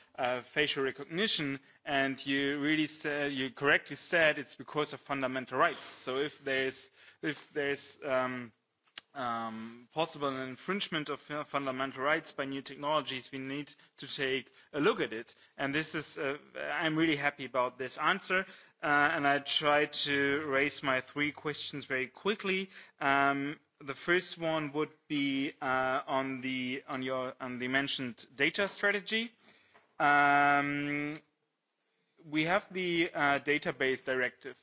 [SPEAKER 5] facial recognition and you really said you correctly said it's because of fundamental rights so if there is if um um possible infringement of fundamental rights by new technologies we need to take a look at it and this is i'm really happy about this answer and i try to raise my three questions very quickly um the first one would be on the on your on the mentioned data strategy We have the database directive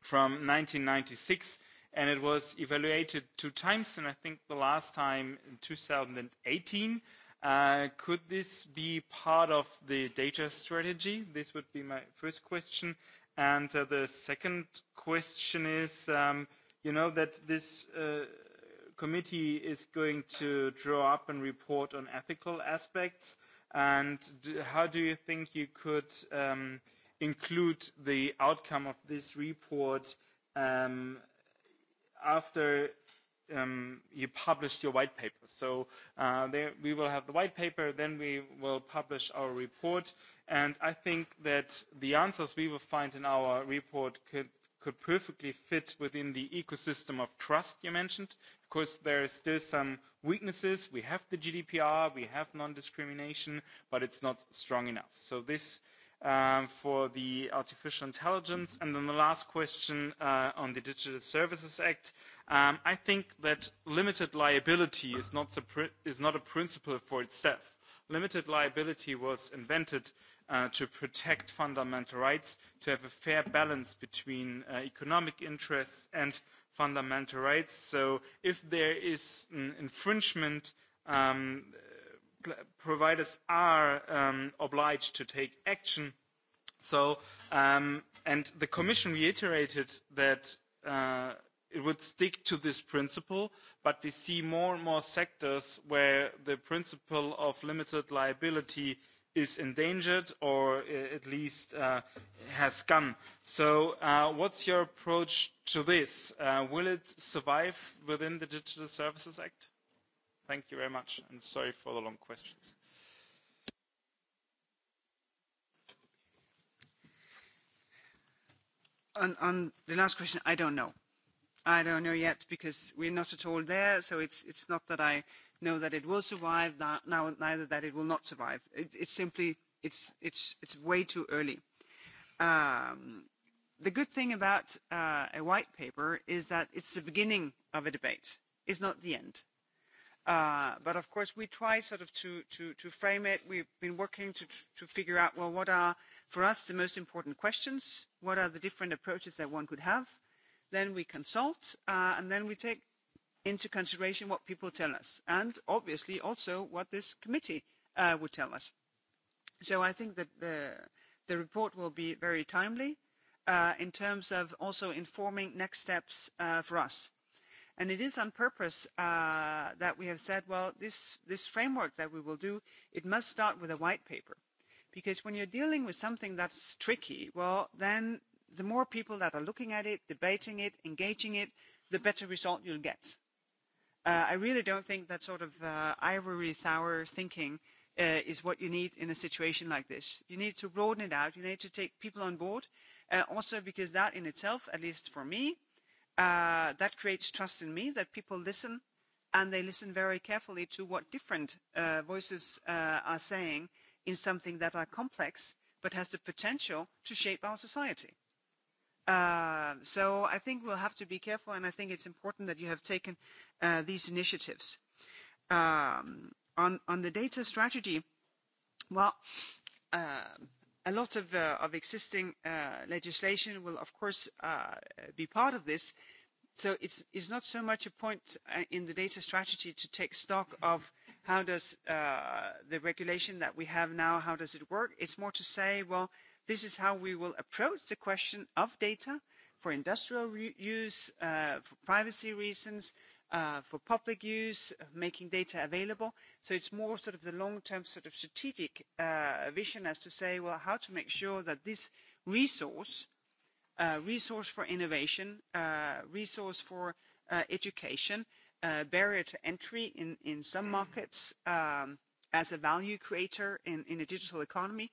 [SPEAKER 5] from 1996 and it was evaluated two times and I think the last time in 2018. Could this be part of the data strategy? This would be my first question. And the second question is, you know, that this committee is going to draw up and report on ethical aspects and how do you think you could include the outcome of this report after you published your white paper? So there we will have the white paper, then we will publish our report, and I think that the answers we will find in our report could could perfectly fit within the ecosystem of trust you mentioned course, there are still some weaknesses. We have the GDPR, we have non-discrimination, but it's not strong enough. So this for the artificial intelligence. And then the last question on the Digital Services Act. I think that limited liability is not a principle for itself. Limited liability was invented to protect fundamental rights, to have a fair balance between economic interests and fundamental rights. So if there is an infringement, providers are obliged to take action. So and the Commission reiterated that it would stick to this principle, but we see more and more sectors where the principle of limited liability is endangered or at least has gone. So what's your approach to this? Will it survive within the Digital Services Act? Thank you very much, and sorry for the long questions.
[SPEAKER 1] On the last question, I don't know. I don't know yet because we're not at all there, so it's not that I know that it will survive, now neither that it will not survive. It's simply, it's it's it's way too early. The good thing about a white paper is that it's the beginning of a debate. It's not the end. But of course, we try sort of to to frame it. We've been working to to figure out, well, what are, for us, the most important questions? What are the different approaches that one could have? Then we consult, and then we take into consideration what people tell us and obviously also what this committee would tell us. So I think that the report will be very timely in terms of also informing next steps for us. And it is on purpose that we have said, well, this this framework that we will do, it must start with a white paper. Because when you're dealing with something that's tricky, well, then the more people that are looking at it, debating it, engaging it, the better result you'll get. I really don't think that sort of ivory tower thinking is what you need in a situation like this. You need to broaden it out. You need to take people on board, also because that in itself, at least for me, that creates trust in me that people listen and they listen very carefully to what different voices are saying in something that are complex but has the potential to shape our society. So I think we'll have to be careful, and I think it's important that you have taken these initiatives. On the data strategy, well, a lot of existing legislation will, of course, be part of this. So it's not so much a point in the data strategy to take stock of how does the regulation that we have now, how does it work. It's more to say, well, This is how we will approach the question of data for industrial use, for privacy reasons, for public use, making data available. So it's more sort of the long-term sort of strategic vision as to say, well, how to make sure that this resource, resource for innovation, resource for education, barrier to entry in in some markets as a value creator in in a digital economy,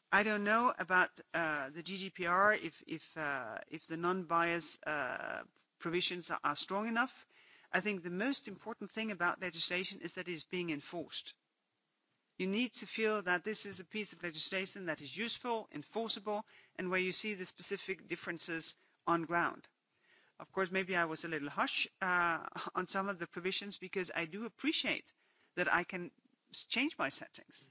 [SPEAKER 1] I don't know about the GDPR if if if the non-bias provisions are strong enough. I think the most important thing about legislation is that it is being enforced. You need to feel that this is a piece of legislation that is useful, enforceable, and where you see the specific differences on ground. Of course, maybe I was a little harsh on some of the provisions because I do appreciate that I can change my settings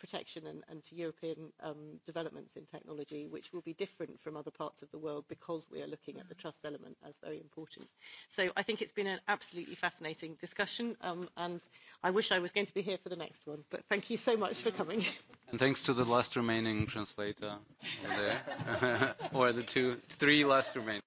[SPEAKER 1] protection and, and to European developments in technology, which will be different from other parts of the world because we are looking at the trust element as very important. So I think it's been an absolutely fascinating discussion, and I wish I was going to be here for the next one. But thank you so much for coming.
[SPEAKER 2] And thanks to the last remaining translator
[SPEAKER 1] there, or the two, three last remaining.